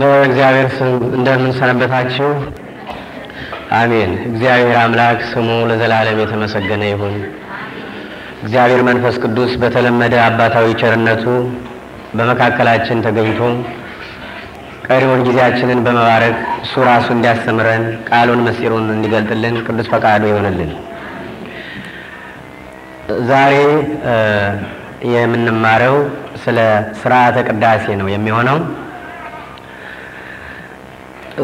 በእግዚአብሔር ስም እንደምንሰነበታችሁ አሜን። እግዚአብሔር አምላክ ስሙ ለዘላለም የተመሰገነ ይሁን። እግዚአብሔር መንፈስ ቅዱስ በተለመደ አባታዊ ቸርነቱ በመካከላችን ተገኝቶ ቀሪውን ጊዜያችንን በመባረክ እሱ ራሱ እንዲያስተምረን ቃሉን ምስጢሩን እንዲገልጥልን ቅዱስ ፈቃዱ ይሆንልን። ዛሬ የምንማረው ስለ ስርዓተ ቅዳሴ ነው የሚሆነው።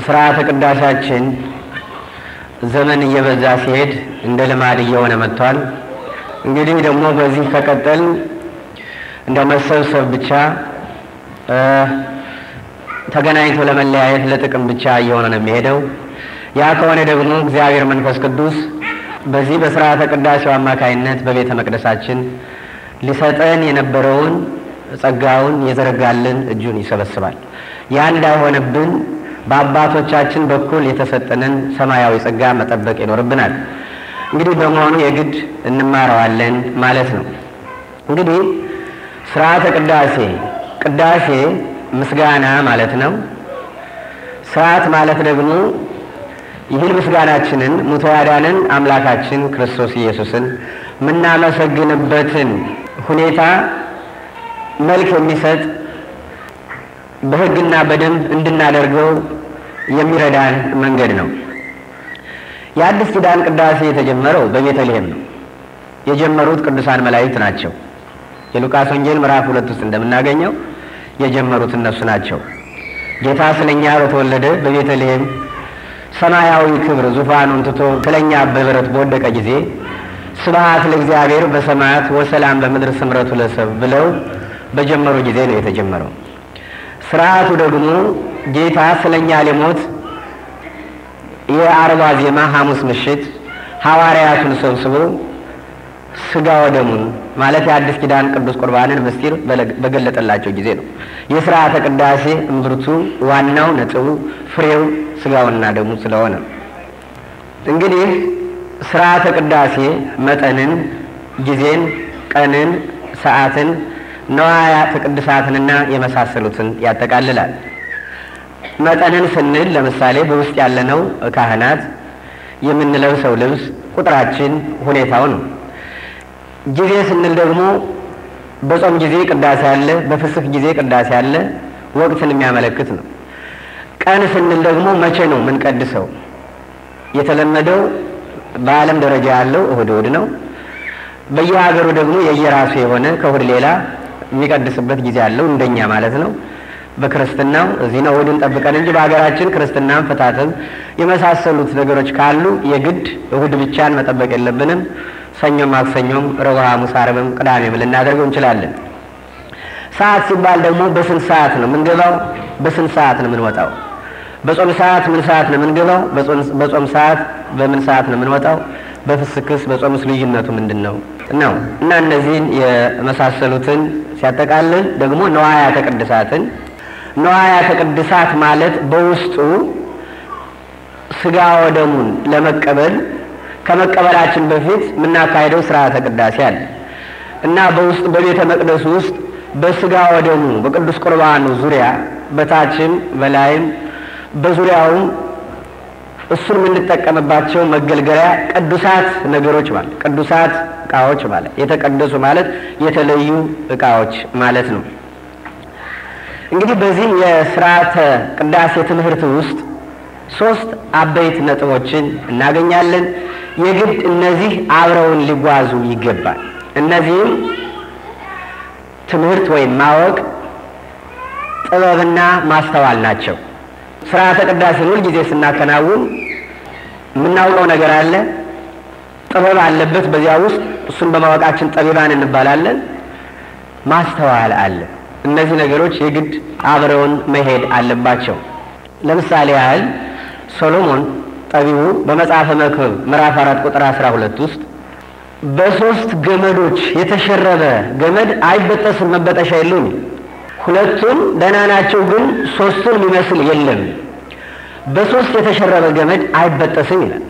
ስርዓተ ቅዳሴያችን ዘመን እየበዛ ሲሄድ እንደ ልማድ እየሆነ መጥቷል። እንግዲህ ደግሞ በዚህ ከቀጠል እንደ መሰብሰብ ብቻ ተገናኝቶ ለመለያየት ለጥቅም ብቻ እየሆነ ነው የሚሄደው። ያ ከሆነ ደግሞ እግዚአብሔር መንፈስ ቅዱስ በዚህ በስርዓተ ቅዳሴው አማካይነት በቤተ መቅደሳችን ሊሰጠን የነበረውን ጸጋውን የዘረጋልን እጁን ይሰበስባል። ያ እንዳይሆንብን በአባቶቻችን በኩል የተሰጠንን ሰማያዊ ጸጋ መጠበቅ ይኖርብናል። እንግዲህ በመሆኑ የግድ እንማረዋለን ማለት ነው። እንግዲህ ስርዓተ ቅዳሴ ቅዳሴ ምስጋና ማለት ነው። ስርዓት ማለት ደግሞ ይህን ምስጋናችንን ሙቶ ያዳንን አምላካችን ክርስቶስ ኢየሱስን የምናመሰግንበትን ሁኔታ መልክ የሚሰጥ በህግና በደንብ እንድናደርገው የሚረዳን መንገድ ነው። የአዲስ ኪዳን ቅዳሴ የተጀመረው በቤተልሔም ነው። የጀመሩት ቅዱሳን መላእክት ናቸው። የሉቃስ ወንጌል ምዕራፍ ሁለት ውስጥ እንደምናገኘው የጀመሩት እነሱ ናቸው። ጌታ ስለኛ በተወለደ በቤተልሔም ሰማያዊ ክብር ዙፋኑን ትቶ ስለኛ በብረት በወደቀ ጊዜ ስብሐት ለእግዚአብሔር በሰማያት ወሰላም በምድር ስምረቱ ለሰብ ብለው በጀመሩ ጊዜ ነው የተጀመረው። ስርዓቱ ደግሞ ጌታ ስለኛ ሊሞት የአርባ ዜማ ሐሙስ ምሽት ሐዋርያቱን ሰብስቦ ስጋ ወደሙን ማለት የአዲስ ኪዳን ቅዱስ ቁርባንን ምስጢር በገለጠላቸው ጊዜ ነው። የስርዓተ ቅዳሴ እምብርቱ ዋናው ነጥቡ ፍሬው ስጋውና ደሙ ስለሆነ እንግዲህ ስርዓተ ቅዳሴ መጠንን፣ ጊዜን፣ ቀንን፣ ሰዓትን ነዋያት ቅዱሳትንና የመሳሰሉትን ያጠቃልላል። መጠንን ስንል ለምሳሌ በውስጥ ያለነው ካህናት፣ የምንለብሰው ልብስ፣ ቁጥራችን፣ ሁኔታው ነው። ጊዜ ስንል ደግሞ በጾም ጊዜ ቅዳሴ አለ፣ በፍስፍ ጊዜ ቅዳሴ አለ፣ ወቅትን የሚያመለክት ነው። ቀን ስንል ደግሞ መቼ ነው ምንቀድሰው የተለመደው በአለም ደረጃ ያለው እሁድ እሁድ ነው። በየሀገሩ ደግሞ የየራሱ የሆነ ከእሁድ ሌላ የሚቀድስበት ጊዜ አለው፣ እንደኛ ማለት ነው። በክርስትናው እዚህ ነው እሑድን ጠብቀን እንጂ በሀገራችን ክርስትናም ፍታትም የመሳሰሉት ነገሮች ካሉ የግድ እሁድ ብቻን መጠበቅ የለብንም። ሰኞም፣ ማክሰኞም፣ ረቡዕ፣ ሐሙስ፣ ዓርብም ቅዳሜም ልናደርገው እንችላለን። ሰዓት ሲባል ደግሞ በስንት ሰዓት ነው የምንገባው? በስንት ሰዓት ነው የምንወጣው? በጾም ሰዓት ምን ሰዓት ነው የምንገባው? በጾም ሰዓት በምን ሰዓት ነው የምንወጣው? በፍስክስ በጾምስ ልዩነቱ ምንድን ነው ነው እና እነዚህን የመሳሰሉትን ሲያጠቃልል ደግሞ ነዋያተ ቅድሳትን ነዋያተ ቅድሳት ማለት በውስጡ ስጋ ወደሙን ለመቀበል ከመቀበላችን በፊት የምናካሄደው ስርዓተ ቅዳሴ አለ እና በውስጥ በቤተ መቅደሱ ውስጥ በስጋ ወደሙ በቅዱስ ቁርባኑ ዙሪያ በታችም በላይም በዙሪያውም እሱን የምንጠቀምባቸው መገልገያ ቅዱሳት ነገሮች ማለት ቅዱሳት እቃዎች ማለት የተቀደሱ ማለት የተለዩ እቃዎች ማለት ነው። እንግዲህ በዚህ የስርዓተ ቅዳሴ ትምህርት ውስጥ ሶስት አበይት ነጥቦችን እናገኛለን። የግድ እነዚህ አብረውን ሊጓዙ ይገባል። እነዚህም ትምህርት ወይም ማወቅ፣ ጥበብና ማስተዋል ናቸው። ስርዓተ ቅዳሴን ሁልጊዜ ስናከናውን የምናውቀው ነገር አለ፣ ጥበብ አለበት። በዚያ ውስጥ እሱን በማወቃችን ጠቢባን እንባላለን። ማስተዋል አለ። እነዚህ ነገሮች የግድ አብረውን መሄድ አለባቸው። ለምሳሌ ያህል ሶሎሞን ጠቢቡ በመጽሐፈ መክብብ ምዕራፍ አራት ቁጥር አስራ ሁለት ውስጥ በሶስት ገመዶች የተሸረበ ገመድ አይበጠስም መበጠሻ የለውም ሁለቱም ደህና ናቸው፣ ግን ሶስቱን የሚመስል የለም። በሶስት የተሸረበ ገመድ አይበጠስም ይላል።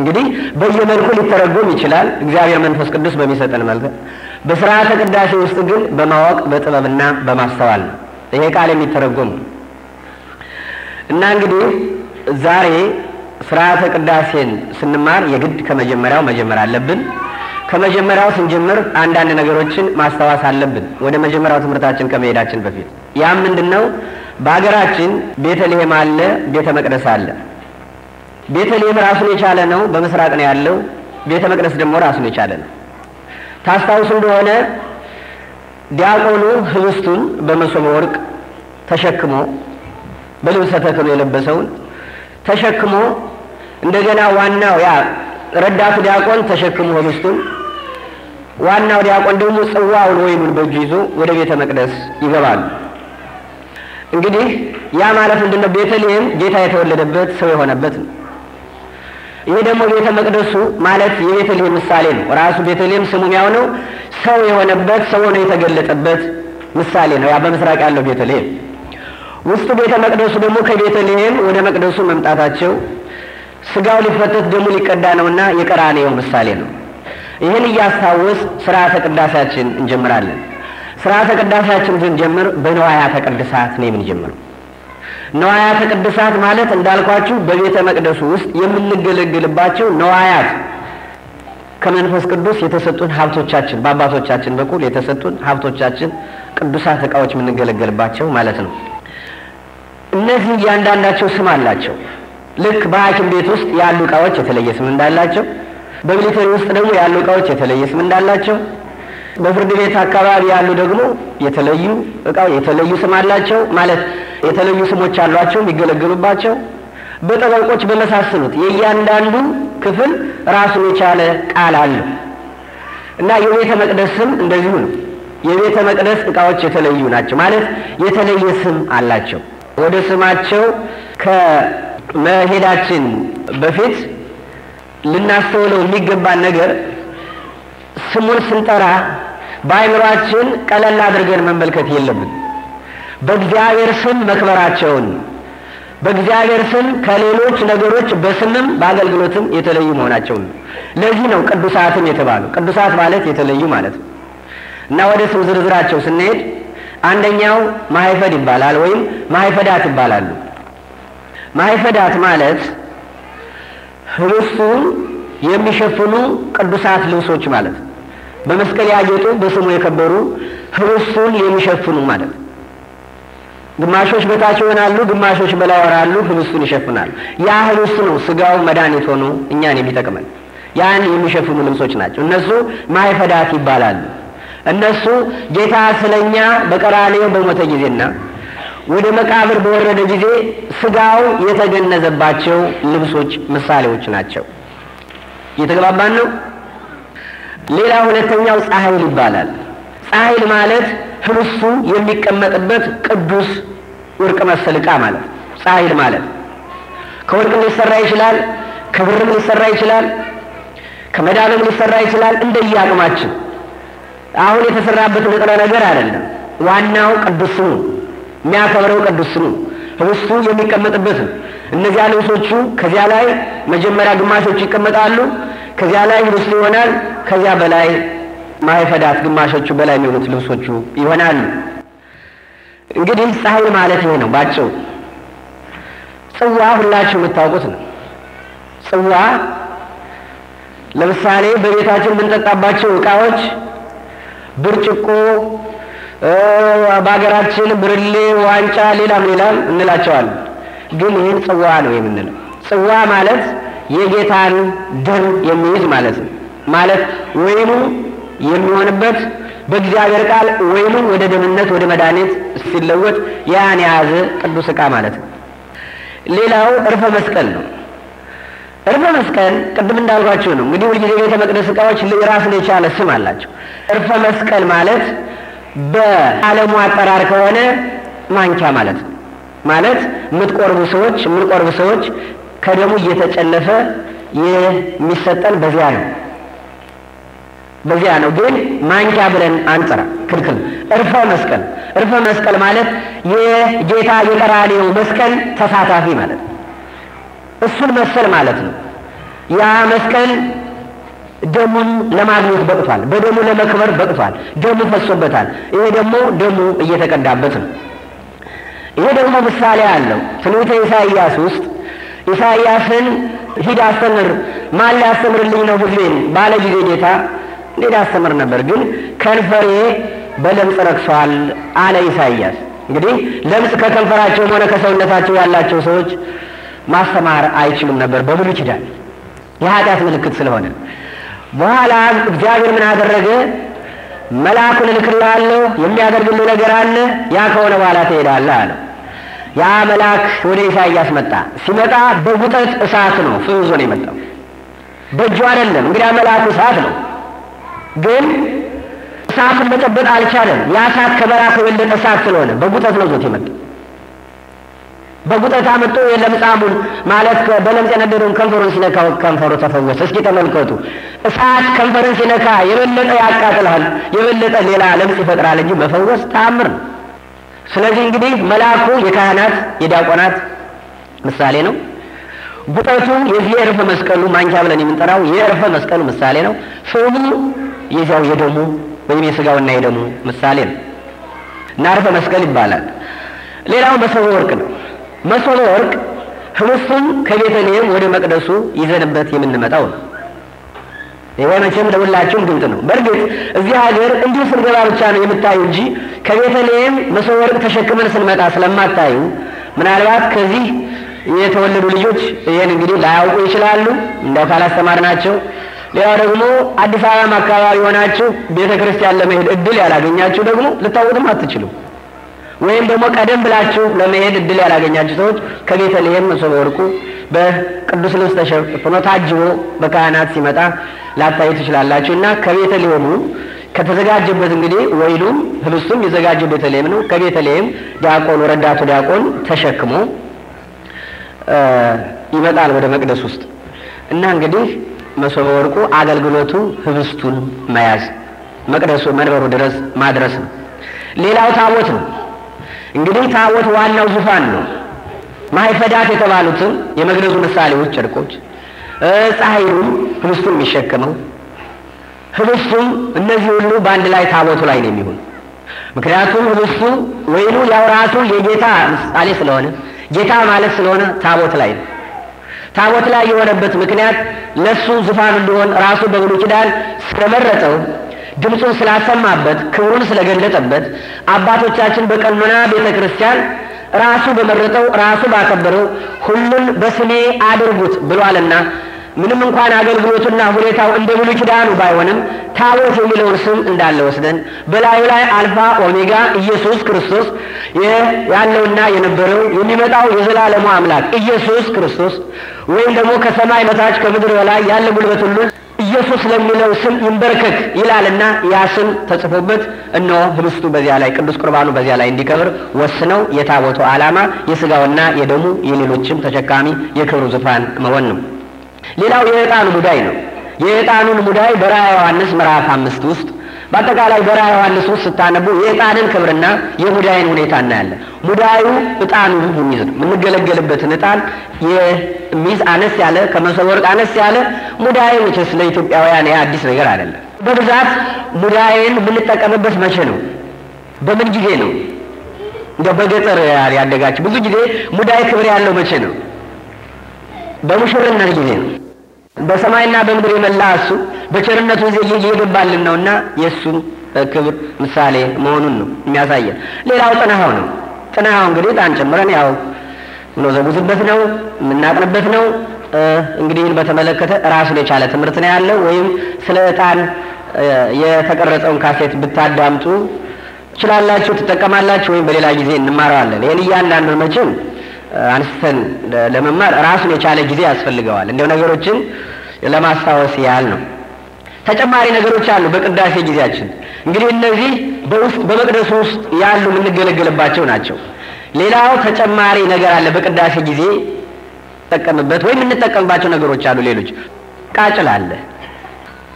እንግዲህ በየመልኩ ሊተረጎም ይችላል። እግዚአብሔር መንፈስ ቅዱስ በሚሰጠን መልክ በስርዓተ ቅዳሴ ውስጥ ግን በማወቅ በጥበብና በማስተዋል ነው ይሄ ቃል የሚተረጎም እና እንግዲህ ዛሬ ስርዓተ ቅዳሴን ስንማር የግድ ከመጀመሪያው መጀመር አለብን። ከመጀመሪያው ስንጀምር አንዳንድ ነገሮችን ማስታወስ አለብን፣ ወደ መጀመሪያው ትምህርታችን ከመሄዳችን በፊት። ያም ምንድን ነው? በሀገራችን ቤተልሔም አለ፣ ቤተ መቅደስ አለ። ቤተልሔም ራሱን የቻለ ነው፣ በምስራቅ ነው ያለው። ቤተ መቅደስ ደግሞ ራሱን የቻለ ነው። ታስታውሱ እንደሆነ ዲያቆኑ ህብስቱን በመሶበ ወርቅ ተሸክሞ በልብሰ ተክህኖ የለበሰውን ተሸክሞ እንደገና ዋናው ያ ረዳቱ ዲያቆን ተሸክሞ ህብስቱን፣ ዋናው ዲያቆን ደግሞ ጽዋውን ወይኑን በእጁ ይዞ ወደ ቤተ መቅደስ ይገባሉ። እንግዲህ ያ ማለት ምንድን ነው? ቤተልሔም ጌታ የተወለደበት ሰው የሆነበት ነው። ይህ ደግሞ ቤተ መቅደሱ ማለት የቤተልሔም ምሳሌ ነው። ራሱ ቤተልሔም ስሙ ያው ነው፣ ሰው የሆነበት ሰው ሆኖ የተገለጠበት ምሳሌ ነው። ያ በምስራቅ ያለው ቤተልሔም ውስጡ ቤተ መቅደሱ ደግሞ ከቤተልሔም ወደ መቅደሱ መምጣታቸው ስጋው ሊፈተት ደሙ ሊቀዳ ነውና የቀራንዮው ምሳሌ ነው። ይህን እያስታወስ ስርዓተ ቅዳሴያችን እንጀምራለን። ስርዓተ ቅዳሴያችን ስንጀምር በነዋያተ ቅድሳት ነው የምንጀምረው። ነዋያተ ቅድሳት ማለት እንዳልኳችሁ በቤተ መቅደሱ ውስጥ የምንገለገልባቸው ነዋያት ከመንፈስ ቅዱስ የተሰጡን ሀብቶቻችን፣ በአባቶቻችን በኩል የተሰጡን ሀብቶቻችን ቅዱሳት እቃዎች የምንገለገልባቸው ማለት ነው። እነዚህ እያንዳንዳቸው ስም አላቸው። ልክ በሐኪም ቤት ውስጥ ያሉ እቃዎች የተለየ ስም እንዳላቸው፣ በሚሊተሪ ውስጥ ደግሞ ያሉ እቃዎች የተለየ ስም እንዳላቸው፣ በፍርድ ቤት አካባቢ ያሉ ደግሞ የተለዩ እቃ የተለዩ ስም አላቸው ማለት የተለዩ ስሞች አሏቸው የሚገለገሉባቸው፣ በጠበቆች በመሳሰሉት የእያንዳንዱ ክፍል ራሱን የቻለ ቃል አለው እና የቤተ መቅደስ ስም እንደዚሁ ነው። የቤተ መቅደስ እቃዎች የተለዩ ናቸው ማለት የተለየ ስም አላቸው። ወደ ስማቸው መሄዳችን በፊት ልናስተውለው የሚገባን ነገር ስሙን ስንጠራ በአይምሯችን ቀለል አድርገን መመልከት የለብን። በእግዚአብሔር ስም መክበራቸውን በእግዚአብሔር ስም ከሌሎች ነገሮች በስምም በአገልግሎትም የተለዩ መሆናቸውን ለዚህ ነው ቅዱሳትም የተባሉ። ቅዱሳት ማለት የተለዩ ማለት ነው እና ወደ ስም ዝርዝራቸው ስንሄድ አንደኛው ማይፈድ ይባላል ወይም ማይፈዳት ይባላሉ። ማይፈዳት ማለት ህብስቱን የሚሸፍኑ ቅዱሳት ልብሶች ማለት በመስቀል ያጌጡ በስሙ የከበሩ ህብስቱን የሚሸፍኑ ማለት ግማሾች በታች ይሆናሉ፣ ግማሾች በላይ ይወራሉ፣ ህብስቱን ይሸፍናሉ። ያ ህብስት ነው ስጋው መድኃኒት ሆኖ እኛን የሚጠቅመን። ያን የሚሸፍኑ ልብሶች ናቸው። እነሱ ማይፈዳት ይባላሉ። እነሱ ጌታ ስለኛ በቀራንዮ በሞተ ጊዜና ወደ መቃብር በወረደ ጊዜ ስጋው የተገነዘባቸው ልብሶች ምሳሌዎች ናቸው። እየተግባባን ነው። ሌላ ሁለተኛው ፀሐይል ይባላል። ፀሐይል ማለት ህብሱ የሚቀመጥበት ቅዱስ ወርቅ መሰል ዕቃ ማለት ፀሐይል ማለት ከወርቅም ሊሰራ ይችላል፣ ከብርም ሊሰራ ይችላል፣ ከመዳብም ሊሰራ ይችላል። እንደየ አቅማችን አሁን የተሰራበት ንጥረ ነገር አይደለም። ዋናው ቅዱስ ስሙ የሚያከብረው ቅዱስ ስሙ ህብስቱ የሚቀመጥበትም እነዚያ ልብሶቹ ከዚያ ላይ መጀመሪያ ግማሾቹ ይቀመጣሉ። ከዚያ ላይ ህብስቱ ይሆናል። ከዚያ በላይ ማይፈዳት ግማሾቹ በላይ የሚሆኑት ልብሶቹ ይሆናሉ። እንግዲህ ፀሐይ ማለት ይሄ ነው ባጭው ጽዋ ሁላችሁ የምታውቁት ነው። ጽዋ ለምሳሌ በቤታችን የምንጠጣባቸው እቃዎች ብርጭቆ፣ በሀገራችን ብርሌ፣ ዋንጫ፣ ሌላም ሌላም እንላቸዋለን። ግን ይህን ጽዋ ነው የምንለው። ጽዋ ማለት የጌታን ደም የሚይዝ ማለት ነው። ማለት ወይኑ የሚሆንበት በእግዚአብሔር ቃል ወይኑ ወደ ደምነት ወደ መድኃኒት ሲለወጥ ያን የያዘ ቅዱስ ዕቃ ማለት ነው። ሌላው እርፈ መስቀል ነው። እርፈ መስቀል ቅድም እንዳልኳቸው ነው። እንግዲህ ሁልጊዜ ቤተ መቅደስ ዕቃዎች ራሱን የቻለ ስም አላቸው። እርፈ መስቀል ማለት በዓለሙ አጠራር ከሆነ ማንኪያ ማለት ነው። ማለት የምትቆርቡ ሰዎች የምንቆርቡ ሰዎች ከደሙ እየተጨለፈ የሚሰጠን በዚያ ነው በዚያ ነው። ግን ማንኪያ ብለን አንጠራ፣ ክልክል። እርፈ መስቀል እርፈ መስቀል ማለት የጌታ የቀራኔው መስቀል ተሳታፊ ማለት ነው። እሱን መሰል ማለት ነው ያ መስቀል ደሙን ለማግኘት በቅቷል። በደሙ ለመክበር በቅቷል። ደሙ ፈሶበታል። ይሄ ደግሞ ደሙ እየተቀዳበት ነው። ይሄ ደግሞ ምሳሌ አለው። ትንቢተ ኢሳይያስ ውስጥ ኢሳይያስን ሂድ አስተምር፣ ማን ሊያስተምርልኝ ነው ሕዝቤን ባለ ጊዜ ጌታ እንዴት አስተምር ነበር፣ ግን ከንፈሬ በለምጽ ረክሷል አለ ኢሳይያስ። እንግዲህ ለምጽ ከከንፈራቸውም ሆነ ከሰውነታቸው ያላቸው ሰዎች ማስተማር አይችሉም ነበር በብሉይ ኪዳን የኃጢአት ምልክት ስለሆነ በኋላ እግዚአብሔር ምን አደረገ? መልአኩን እልክልሃለሁ፣ የሚያደርግልህ ነገር አለ፣ ያ ከሆነ በኋላ ትሄዳለህ አለው። ያ መልአክ ወደ ኢሳያስ መጣ። ሲመጣ በጉጠት እሳት ነው ፍዞ ነው የመጣው፣ በእጁ አይደለም። እንግዲያ መልአኩ እሳት ነው፣ ግን እሳትን መጨበጥ አልቻለም። ያ እሳት ከበራ ከበለጠ እሳት ስለሆነ በጉጠት ነው ዞት የመጣው። በጉጠት አመጡ የለምጻሙን ማለት በለምጽ የነደደውን ከንፈሩን ሲነካው ከንፈሩ ተፈወሰ። እስኪ ተመልከቱ። እሳት ከንፈርን ሲነካ የበለጠ ያቃጥልሃል፣ የበለጠ ሌላ ለምጽ ይፈጥራል እንጂ መፈወስ ተአምር ነው። ስለዚህ እንግዲህ መልአኩ የካህናት የዲያቆናት ምሳሌ ነው። ጉጠቱ የዚህ የእርፈ መስቀሉ ማንኪያ ብለን የምንጠራው የእርፈ መስቀሉ ምሳሌ ነው። ፍሙ የዚያው የደሙ ወይም የስጋውና የደሙ ምሳሌ ነው እና እርፈ መስቀል ይባላል። ሌላው መሰበ ወርቅ ነው። መሶበ ወርቅ ህብስቱም ከቤተልሔም ወደ መቅደሱ ይዘንበት የምንመጣው ነው። ይሄ መቼም ለሁላችሁም ግልጥ ነው። በእርግጥ እዚህ ሀገር እንዲሁ ስንገባ ብቻ ነው የምታዩ እንጂ ከቤተልሔም መሶበ ወርቅ ተሸክመን ስንመጣ ስለማታዩ ምናልባት ከዚህ የተወለዱ ልጆች ይህን እንግዲህ ላያውቁ ይችላሉ፣ ካላስተማር ናቸው ሌላው ደግሞ አዲስ አበባም አካባቢ ሆናችሁ ቤተ ክርስቲያን ለመሄድ እድል ያላገኛችሁ ደግሞ ልታውቁትም አትችሉም። ወይም ደግሞ ቀደም ብላችሁ ለመሄድ እድል ያላገኛችሁ ሰዎች ከቤተልሔም መሶበ ወርቁ በቅዱስ ልብስ ተሸፍኖ ታጅቦ በካህናት ሲመጣ ላታዩ ትችላላችሁ እና ከቤተልሔሙ ከተዘጋጀበት እንግዲህ ወይኑም ህብስቱም የዘጋጀው ቤተልሔም ነው። ከቤተልሔም ዲያቆኑ ረዳቱ ዲያቆን ተሸክሞ ይመጣል ወደ መቅደስ ውስጥ እና እንግዲህ መሶበ ወርቁ አገልግሎቱ ህብስቱን መያዝ መቅደሱ መንበሩ ድረስ ማድረስ ነው። ሌላው ታቦት ነው። እንግዲህ ታቦት ዋናው ዙፋን ነው። ማይፈዳት የተባሉትን የመግነዙ ምሳሌዎች ጨርቆች፣ ፀሐዩም ህብስቱም የሚሸከመው ህብስቱም፣ እነዚህ ሁሉ በአንድ ላይ ታቦቱ ላይ ነው የሚሆን። ምክንያቱም ህብስቱ ወይኑ ያው ራሱ የጌታ ምሳሌ ስለሆነ ጌታ ማለት ስለሆነ ታቦት ላይ ነው። ታቦት ላይ የሆነበት ምክንያት ለሱ ዙፋን እንዲሆን ራሱ በብሉይ ኪዳን ስለመረጠው ድምፁን ስላሰማበት ክብሩን ስለገለጠበት አባቶቻችን በቀኖና ቤተ ክርስቲያን ራሱ በመረጠው ራሱ ባከበረው ሁሉን በስሜ አድርጉት ብሏልና ምንም እንኳን አገልግሎቱና ሁኔታው እንደ ብሉይ ኪዳኑ ባይሆንም ታቦት የሚለውን ስም እንዳለ ወስደን በላዩ ላይ አልፋ ኦሜጋ ኢየሱስ ክርስቶስ ያለውና የነበረው የሚመጣው የዘላለሙ አምላክ ኢየሱስ ክርስቶስ ወይም ደግሞ ከሰማይ በታች ከምድር በላይ ያለ ጉልበት ሁሉ ኢየሱስ ለሚለው ስም ይንበርከክ ይላልና ያ ስም ተጽፎበት እነሆ ህብስቱ በዚያ ላይ ቅዱስ ቁርባኑ በዚያ ላይ እንዲከብር ወስነው የታቦቱ ዓላማ የስጋውና የደሙ የሌሎችም ተሸካሚ የክብሩ ዙፋን መሆን ነው። ሌላው የዕጣኑ ሙዳይ ነው። የዕጣኑን ሙዳይ በራእየ ዮሐንስ ምዕራፍ አምስት ውስጥ በአጠቃላይ በራዕየ ዮሐንስ ውስጥ ስታነቡ የዕጣንን ክብርና የሙዳይን ሁኔታ እናያለን። ሙዳዩ ዕጣኑ ሚዝ ነው። የምንገለገልበትን እጣን የሚዝ አነስ ያለ ከመሶበ ወርቅ አነስ ያለ ሙዳይ ውስጥ ለኢትዮጵያውያን አዲስ ነገር አይደለም። በብዛት ሙዳይን የምንጠቀምበት መቼ ነው? በምን ጊዜ ነው? እንደ በገጠር ያደጋችሁ ብዙ ጊዜ ሙዳይ ክብር ያለው መቼ ነው? በሙሽርነት ጊዜ ነው። በሰማይና በምድር የመላ እሱ በቸርነቱ እዚህ እየገባልን ነውና የእሱም ክብር ምሳሌ መሆኑን ነው የሚያሳየን። ሌላው ጥንሃው ነው። ጥንሃው እንግዲህ ጣን ጨምረን ያው የምንወዘውዝበት ነው፣ የምናጥንበት ነው። እንግዲህን በተመለከተ ራሱን የቻለ ትምህርት ነው ያለው። ወይም ስለ እጣን የተቀረጸውን ካሴት ብታዳምጡ ችላላችሁ ትጠቀማላችሁ። ወይም በሌላ ጊዜ እንማረዋለን። ይህን እያንዳንዱን መቼም አንስተን ለመማር ራሱን የቻለ ጊዜ ያስፈልገዋል። እንደው ነገሮችን ለማስታወስ ያህል ነው። ተጨማሪ ነገሮች አሉ በቅዳሴ ጊዜያችን። እንግዲህ እነዚህ በውስጥ በመቅደሱ ውስጥ ያሉ የምንገለገልባቸው ናቸው። ሌላው ተጨማሪ ነገር አለ በቅዳሴ ጊዜ ጠቀምበት ወይም የምንጠቀምባቸው ነገሮች አሉ። ሌሎች ቃጭል አለ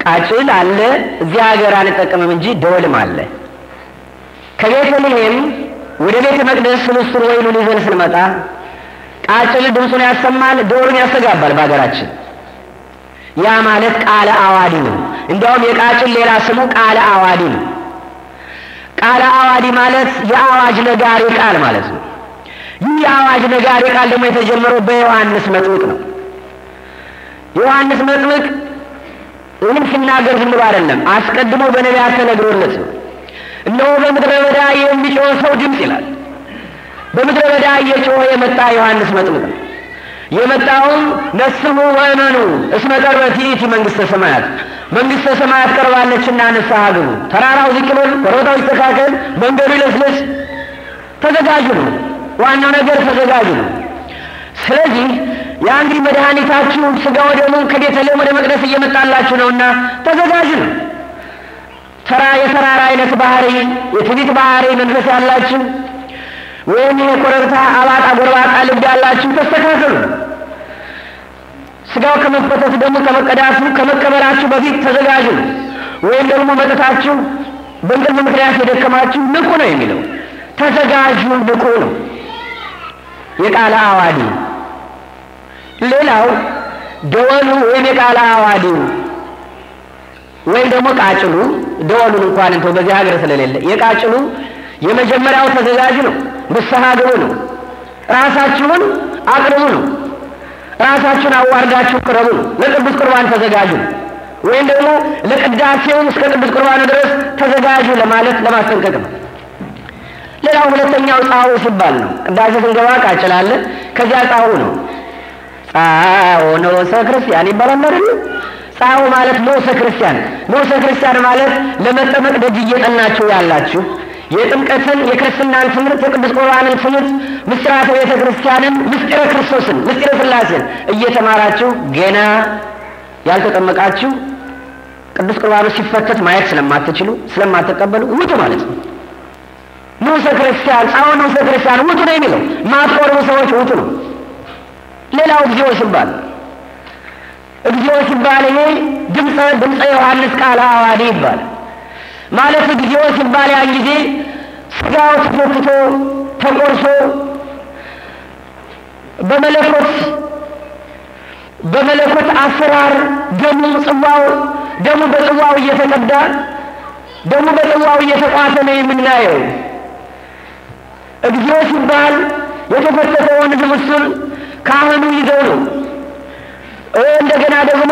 ቃጭል አለ። እዚህ ሀገር አንጠቀምም እንጂ ደወልም አለ። ከቤተልሔም ወደ ቤተ መቅደስ ስልስቱን ወይኑን ይዘን ስንመጣ አጭር ድምፁን ያሰማል፣ ዶርን ያስተጋባል በሀገራችን። ያ ማለት ቃለ አዋዲ ነው። እንዲያውም የቃጭል ሌላ ስሙ ቃለ አዋዲ ነው። ቃለ አዋዲ ማለት የአዋጅ ነጋሪ ቃል ማለት ነው። ይህ የአዋጅ ነጋሪ ቃል ደግሞ የተጀመረው በዮሐንስ መጥምቅ ነው። ዮሐንስ መጥምቅ ይህን ሲናገር ዝም ብሎ አይደለም፣ አስቀድሞ በነቢያት ተነግሮለት ነው። እነሆ በምድረ በዳ የሚጮህ ሰው ድምፅ ይላል። በምድረ በዳ እየጮኸ የመጣ ዮሐንስ መጥምቅ ነው። የመጣውም ነስሑ ወእመኑ እስመ ቀርበት ይእቲ መንግሥተ ሰማያት፣ መንግሥተ ሰማያት ቀርባለችና ንስሐ ግቡ። ተራራው ዝቅ በል፣ ኮረብታው ይስተካከል፣ መንገዱ ይለስለስ፣ ተዘጋጁ ነው። ዋናው ነገር ተዘጋጁ ነው። ስለዚህ ያ እንግዲህ መድኃኒታችሁ ሥጋው ደግሞ ከቤተልሔም ወደ መቅደስ እየመጣላችሁ ነውና ተዘጋጁ ነው። ተራ የተራራ አይነት ባህሪ፣ የትዕቢት ባህሪ መንፈስ ያላችሁ ወይም የኮረብታ አባጣ ጎርባጣ ልብ ያላችሁ ተስተካከሉ። ስጋው ከመፈተት ደግሞ ከመቀዳቱ ከመቀበላችሁ በፊት ተዘጋጁ። ወይም ደግሞ መጠታችሁ በእንቅልፍ ምክንያት የደከማችሁ ንቁ ነው የሚለው ተዘጋጁ፣ ንቁ ነው የቃለ አዋዲ። ሌላው ደወሉ ወይም የቃለ አዋዲ ወይም ደግሞ ቃጭሉ፣ ደወሉን እንኳን እንተው በዚህ ሀገር ስለሌለ የቃጭሉ የመጀመሪያው ተዘጋጅ ነው። ንስሐ ግቡ ነው። ራሳችሁን አቅርቡ ነው። ራሳችሁን አዋርዳችሁ ቅረቡ ነው። ለቅዱስ ቁርባን ተዘጋጁ ወይም ደግሞ ለቅዳሴው እስከ ቅዱስ ቁርባኑ ድረስ ተዘጋጁ ለማለት ለማስጠንቀቅ ነው። ሌላው ሁለተኛው ጻኡ ሲባል ነው። ቅዳሴ ስንገባ ቃጭላለ፣ ከዚያ ጻኡ ነው። ጻኡ ንዑሰ ክርስቲያን ይባላል አይደል? ጻኡ ማለት ንዑሰ ክርስቲያን፣ ንዑሰ ክርስቲያን ማለት ለመጠመቅ ደጅ እየጠናችሁ ያላችሁ የጥምቀትን የክርስትናን ትምህርት የቅዱስ ቁርባንን ትምህርት ምስራተ ቤተ ክርስቲያንን ምስጢረ ክርስቶስን ምስጢረ ስላሴን እየተማራችሁ ገና ያልተጠመቃችሁ ቅዱስ ቁርባኑ ሲፈተት ማየት ስለማትችሉ ስለማትቀበሉ ውጡ ማለት ነው። ንዑሰ ክርስቲያን አሁን ንዑሰ ክርስቲያን ውጡ ነው የሚለው። ማትቆርቡ ሰዎች ውጡ ነው። ሌላው እግዚኦ ሲባል እግዚኦ ሲባል ይሄ ድምፀ ድምፀ ዮሐንስ ቃለ አዋዲ ይባላል። ማለት ጊዜው ሲባል ያን ጊዜ ስጋው ተፈትቶ ተቆርሶ በመለኮት በመለኮት አሰራር ደሙ ጽዋው ደሙ በጽዋው እየተቀዳ ደሙ በጽዋው እየተቋተ ነው የምናየው። እግዚኦ ሲባል የተፈተተውን ምስል ካህኑ ይዘው ነው እንደገና ደግሞ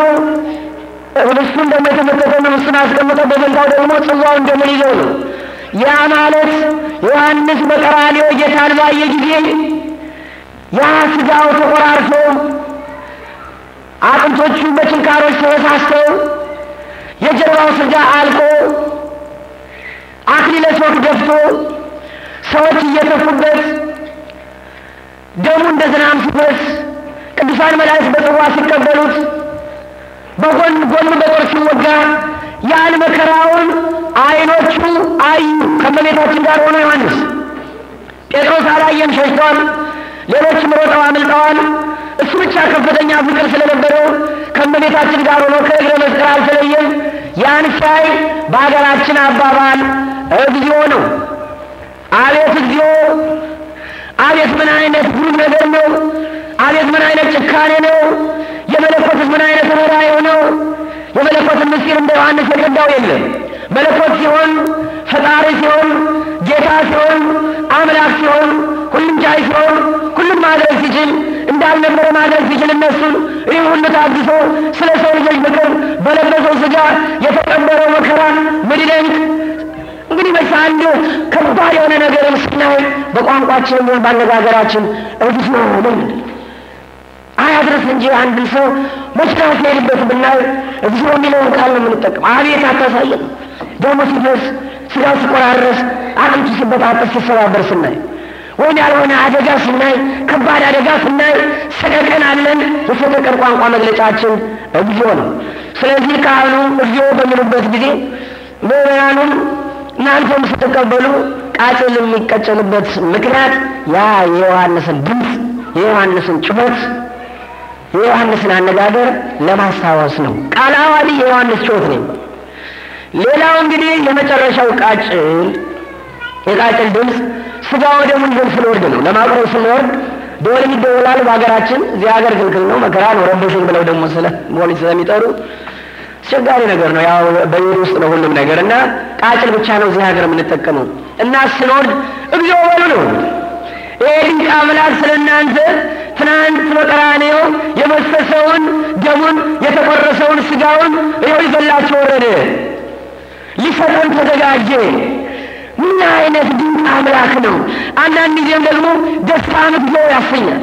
እሱን ደግሞ የተመለከተውን እሱን አስቀምጠ በጀርባው ደግሞ ጽዋው እንደምን ይዘው ነው። ያ ማለት ዮሐንስ በቀራንዮ ጌታን ባየ ጊዜ ያ ስጋው ተቆራርሶ አጥንቶቹ በችንካሮች ተበሳስተው የጀርባው ስጋ አልቆ አክሊለ ሦክ ደፍቶ ሰዎች እየተፉበት ደሙ እንደ ዝናም ሲፈስ ቅዱሳን መላእክት በጽዋ ሲቀበሉት በጎን ጎን በጦር ሲወጋ ያን መከራውን አይኖቹ አዩ። ከመቤታችን ጋር ሆኖ ዮሐንስ ጴጥሮስ አላየም፣ ሸሽቷል። ሌሎችም ሮጠው አምልጠዋል። እሱ ብቻ ከፍተኛ ፍቅር ስለነበረው ከመቤታችን ጋር ሆኖ ከእግረ መስቀል አልተለየም። ያን ሳይ በሀገራችን አባባል እግዚኦ ነው። አቤት እግዚኦ፣ አቤት ምን አይነት ጉድ ነገር ነው! አቤት ምን አይነት ጭካኔ ነው! የመለኮትስ ምን አይነት ሩራዬ ነው? የመለኮትን ምስጢር እንደ ዮሐንስ የቀዳው የለም። መለኮት ሲሆን፣ ፈጣሪ ሲሆን፣ ጌታ ሲሆን፣ አምላክ ሲሆን፣ ሁሉም ቻይ ሲሆን፣ ሁሉም ማድረግ ሲችል እንዳልነበረ ማድረግ ሲችል እነሱን ይህ ሁሉ ታግሶ ስለ ሰው ልጆች ምክር በለበሰው ስጋ የተቀበረው መከራ ምድደንቅ እንግዲህ መቼ አንድ ከባድ የሆነ ነገርን ስናይ በቋንቋችን የሚሆን ባነጋገራችን እርግፍ ነው ምንድነው አያድረስ እንጂ አንድን ሰው መኪና ሲሄድበት ብናይ እግዚኦ የሚለውን ቃል ነው የምንጠቀም። አቤት አታሳየን። ደሙ ሲፈስ፣ ስጋው ሲቆራረስ፣ አጥንቱ ሲበጣጠስ፣ ሲሰባበር ስናይ ወይም ያልሆነ አደጋ ስናይ፣ ከባድ አደጋ ስናይ ሰቀቀን አለን። የሰቀቀን ቋንቋ መግለጫችን እግዚኦ ነው። ስለዚህ ካህኑ እግዚኦ በሚሉበት ጊዜ ምዕመናኑም እናንተም ስትቀበሉ ቃጭል የሚቀጨልበት ምክንያት ያ የዮሐንስን ድምፅ የዮሐንስን ጩኸት የዮሐንስን አነጋገር ለማስታወስ ነው። ቃል አዋዲ የዮሐንስ ጩኸት ነው። ሌላው እንግዲህ የመጨረሻው ቃጭል የቃጭል ድምፅ ስጋ ወደሙን ይዘን ስንወርድ ነው። ለማቅረብ ስንወርድ ደወል ይደወላል። በሀገራችን እዚህ ሀገር ክልክል ነው፣ መከራ ነው። ረቦሽን ብለው ደግሞ ስለ ስለሆን ስለሚጠሩ አስቸጋሪ ነገር ነው። ያው በቤት ውስጥ ነው ሁሉም ነገር እና ቃጭል ብቻ ነው እዚህ ሀገር የምንጠቀመው እና ስንወርድ እግዚኦ በሉ ነው ኤሊቅ አምላክ ስለ እናንተ ትናንት በቀራንዮ የመሰሰውን ደሙን የተቆረሰውን ስጋውን ይኸው ይዘላችሁ ወረደ፣ ሊሰጠን ተዘጋጀ። ምን አይነት ድንቅ አምላክ ነው! አንዳንድ ጊዜም ደግሞ ደስታ ምትዞ ያሰኛል።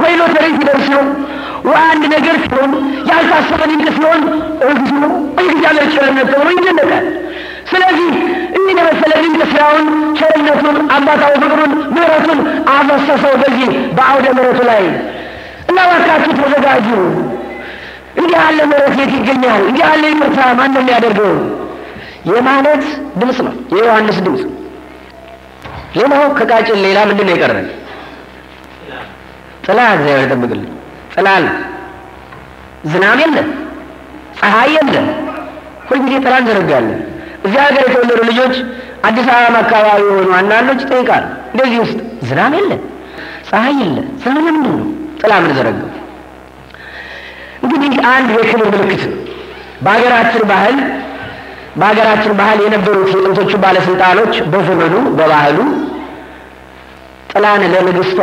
ወይ ሎተሪ ሲደርሰው ወይ አንድ ነገር ሲሆን ያልታሰበ ድንቅ ሲሆን እግዚአብሔር ቸርነት ተብሎ ይደነቃል። ስለዚህ ይህን የመሰለ ድንቅ ስራውን፣ ቸርነቱን፣ አባታዊ ፍቅሩን፣ ምሕረቱን አፈሰሰው በዚህ በአውደ ምሕረቱ ላይ እና እባካችሁ ተዘጋጁ። እንዲህ ያለ ምሕረት የት ይገኛል? እንዲህ ያለ ይቅርታ ማን ነው የሚያደርገው? የማለት ድምፅ ነው የዮሐንስ ድምፅ። ሌላው ከቃጭል ሌላ ምንድን ነው የቀረን? ጥላ እግዚአብሔር ይጠብቅልን። ጥላ አለ፣ ዝናብ የለ፣ ፀሐይ የለ፣ ሁልጊዜ ጥላ እንዘረጋለን። እዚያ ሀገር የተወለዱ ልጆች አዲስ አበባ አካባቢ የሆኑ አንዳንዶች ይጠይቃሉ። እንደዚህ ውስጥ ዝናብ የለ፣ ፀሐይ የለ፣ ዝናብ ምንድን ነው? ጥላ ምን ዘረገው? እንግዲህ አንድ የክብር ምልክት ነው። በሀገራችን ባህል በሀገራችን ባህል የነበሩት የጥንቶቹ ባለስልጣኖች በዘመኑ በባህሉ ጥላን ለንግስቷ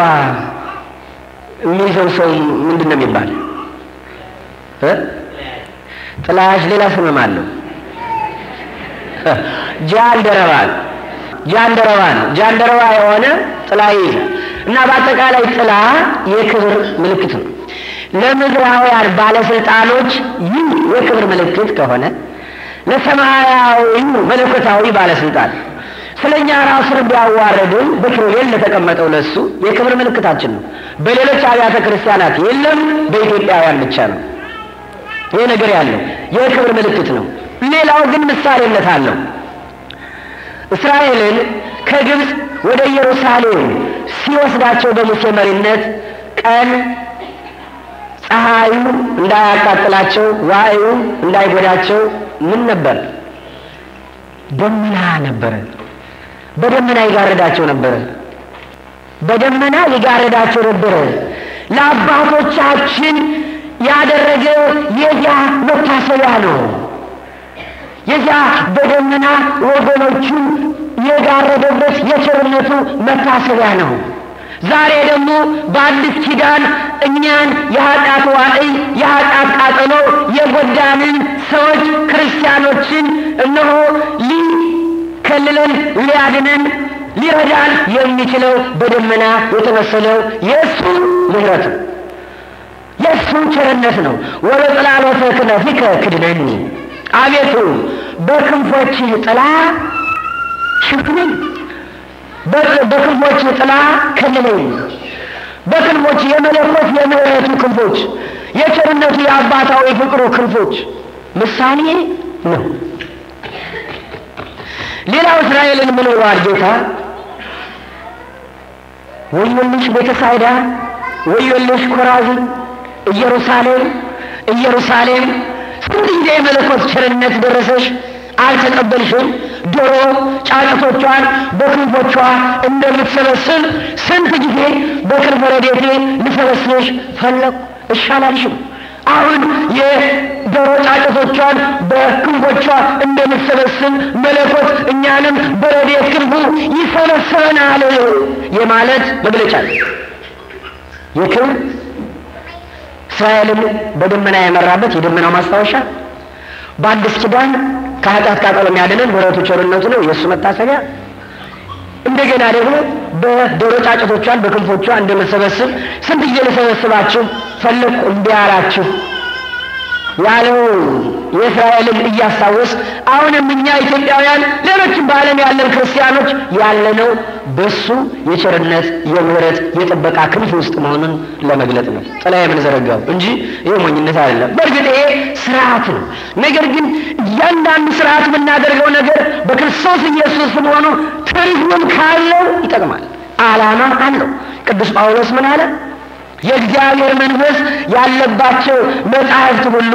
የሚይዘው ሰው ምንድን ነው የሚባል? ጥላሽ ሌላ ስምም አለው ጃንደረባ ጃንደረባ ነው። ጃንደረባ የሆነ ጥላ እና በአጠቃላይ ጥላ የክብር ምልክት ነው። ለምድራውያን ባለስልጣኖች ይህ የክብር ምልክት ከሆነ ለሰማያዊ መለኮታዊ ባለስልጣን ስለ እኛ ራሱን ቢያዋረድን በኪሩቤል ለተቀመጠው ለሱ የክብር ምልክታችን ነው። በሌሎች አብያተ ክርስቲያናት የለም፣ በኢትዮጵያውያን ብቻ ነው ይህ ነገር ያለው የክብር ምልክት ነው። ሌላው ግን ምሳሌነት አለው። እስራኤልን ከግብፅ ወደ ኢየሩሳሌም ሲወስዳቸው በሙሴ መሪነት ቀን ፀሐዩ እንዳያቃጥላቸው፣ ዋዩ እንዳይጎዳቸው ምን ነበር? ደመና ነበረ። በደመና ይጋረዳቸው ነበረ። በደመና ይጋረዳቸው ነበረ። ለአባቶቻችን ያደረገ የዚያ መታሰቢያ ነው። የዚያ በደመና ወገኖቹን የጋረደበት የቸርነቱ መታሰቢያ ነው። ዛሬ ደግሞ በአዲስ ኪዳን እኛን የኃጢአት ዋዕይ የኃጢአት ቃጠሎ የጎዳንን ሰዎች ክርስቲያኖችን እነሆ ሊከልለን ሊያድነን ሊረዳን የሚችለው በደመና የተመሰለው የእሱ ምሕረቱ የእሱ ቸርነት ነው። ወደ ክነፊከ ክድነኒ አቤቱ በክንፎችህ ጥላ ሽፍነኝ፣ በክንፎችህ ጥላ ከልለኝ። በክንፎች የመለኮት የምረቱ ክንፎች የቸርነቱ የአባታዊ ፍቅሩ ክንፎች ምሳሌ ነው። ሌላው እስራኤልን ምን ብሏል ጌታ? ወዮልሽ ቤተሳይዳ፣ ወዮልሽ ኮራዝን፣ ኢየሩሳሌም ኢየሩሳሌም ሁልጊዜ የመለኮት ቸርነት ደረሰሽ አልተቀበልሽም። ዶሮ ጫጭቶቿን በክንፎቿ እንደምትሰበስብ ስንት ጊዜ በክንፈ ረድኤቴ ልሰበስብሽ ፈለግኩ፣ አሁን የዶሮ ጫጭቶቿን በክንፎቿ እንደምትሰበስብ መለኮት እኛንም በረድኤት ክንፉ ይሰበስበናል የማለት መግለጫ የክብር እስራኤልን በደመና የመራበት የደመናው ማስታወሻ በአዲስ ኪዳን ከኃጢአት ቃጠሎ የሚያድነን ምሕረቱ ቸርነቱ ነው፣ የእሱ መታሰቢያ። እንደገና ደግሞ በዶሮ ጫጭቶቿን በክንፎቿ እንደመሰበስብ ስንት ጊዜ ልሰበስባችሁ ፈለግኩ እንዲያላችሁ ያለው የእስራኤልን እያስታወስ አሁንም እኛ ኢትዮጵያውያን፣ ሌሎችም በዓለም ያለን ክርስቲያኖች ያለነው በሱ የቸርነት የምህረት የጥበቃ ክንፍ ውስጥ መሆኑን ለመግለጥ ነው ጥላ የምንዘረጋው እንጂ ይህ ሞኝነት አይደለም። በእርግጥ ይሄ ስርዓት ነው። ነገር ግን እያንዳንዱ ስርዓት የምናደርገው ነገር በክርስቶስ ኢየሱስ መሆኑ ትርጉም ካለው ይጠቅማል፣ ዓላማ አለው። ቅዱስ ጳውሎስ ምን አለ? የእግዚአብሔር መንፈስ ያለባቸው መጻሕፍት ሁሉ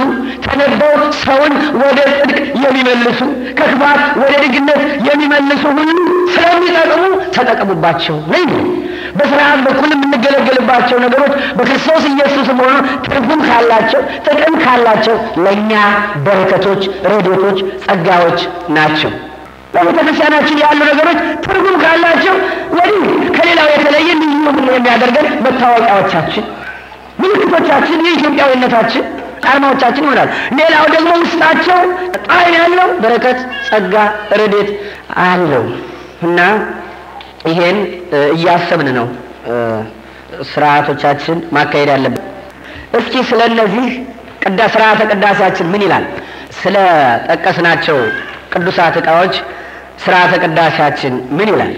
ተነበው ሰውን ወደ ጽድቅ የሚመልሱ ከክፋት ወደ ድግነት የሚመልሱ ሁሉ ስለሚጠቅሙ ተጠቅሙባቸው ነው በስርዓት በኩል የምንገለገልባቸው ነገሮች በክርስቶስ ኢየሱስ መሆኑ ትርጉም ካላቸው ጥቅም ካላቸው ለእኛ በረከቶች፣ ረድኤቶች፣ ጸጋዎች ናቸው። በቤተ ያሉ ነገሮች ትርጉም ካላቸው ሁሉ የሚያደርገን መታወቂያዎቻችን፣ ምልክቶቻችን፣ የኢትዮጵያዊነታችን አርማዎቻችን ይሆናል። ሌላው ደግሞ ውስጣቸው ጣዕም ያለው በረከት፣ ጸጋ፣ ረድኤት አለው እና ይሄን እያሰብን ነው ስርዓቶቻችን ማካሄድ ያለብን። እስኪ ስለነዚህ ቅዳ ስርዓተ ቅዳሴያችን ምን ይላል? ስለ ጠቀስናቸው ቅዱሳት እቃዎች ስርዓተ ቅዳሴያችን ምን ይላል?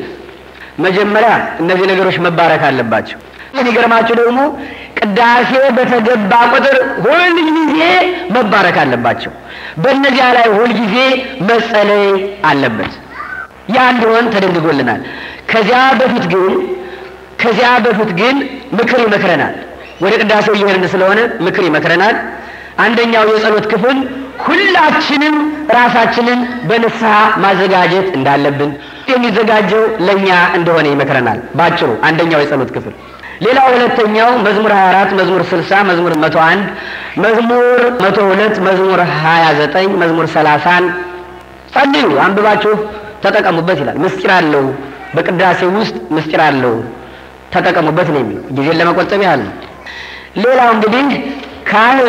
መጀመሪያ እነዚህ ነገሮች መባረክ አለባቸው። የሚገርማቸው ደግሞ ቅዳሴ በተገባ ቁጥር ሁልጊዜ መባረክ አለባቸው። በእነዚያ ላይ ሁልጊዜ መጸለይ አለበት። ያ እንዲሆን ተደንግጎልናል። ከዚያ በፊት ግን ከዚያ በፊት ግን ምክር ይመክረናል። ወደ ቅዳሴው እየሄድን ስለሆነ ምክር ይመክረናል። አንደኛው የጸሎት ክፍል ሁላችንም ራሳችንን በንስሐ ማዘጋጀት እንዳለብን የሚዘጋጀው ለእኛ እንደሆነ ይመክረናል። ባጭሩ አንደኛው የጸሎት ክፍል። ሌላው ሁለተኛው መዝሙር 24፣ መዝሙር 60፣ መዝሙር 101፣ መዝሙር 102፣ መዝሙር 29፣ መዝሙር 30ን ጸልዩ፣ አንብባችሁ ተጠቀሙበት ይላል። ምስጢር አለው። በቅዳሴ ውስጥ ምስጢር አለው። ተጠቀሙበት ነው የሚለው። ጊዜን ለመቆጠብ ያህል ነው። ሌላው እንግዲህ ካህኑ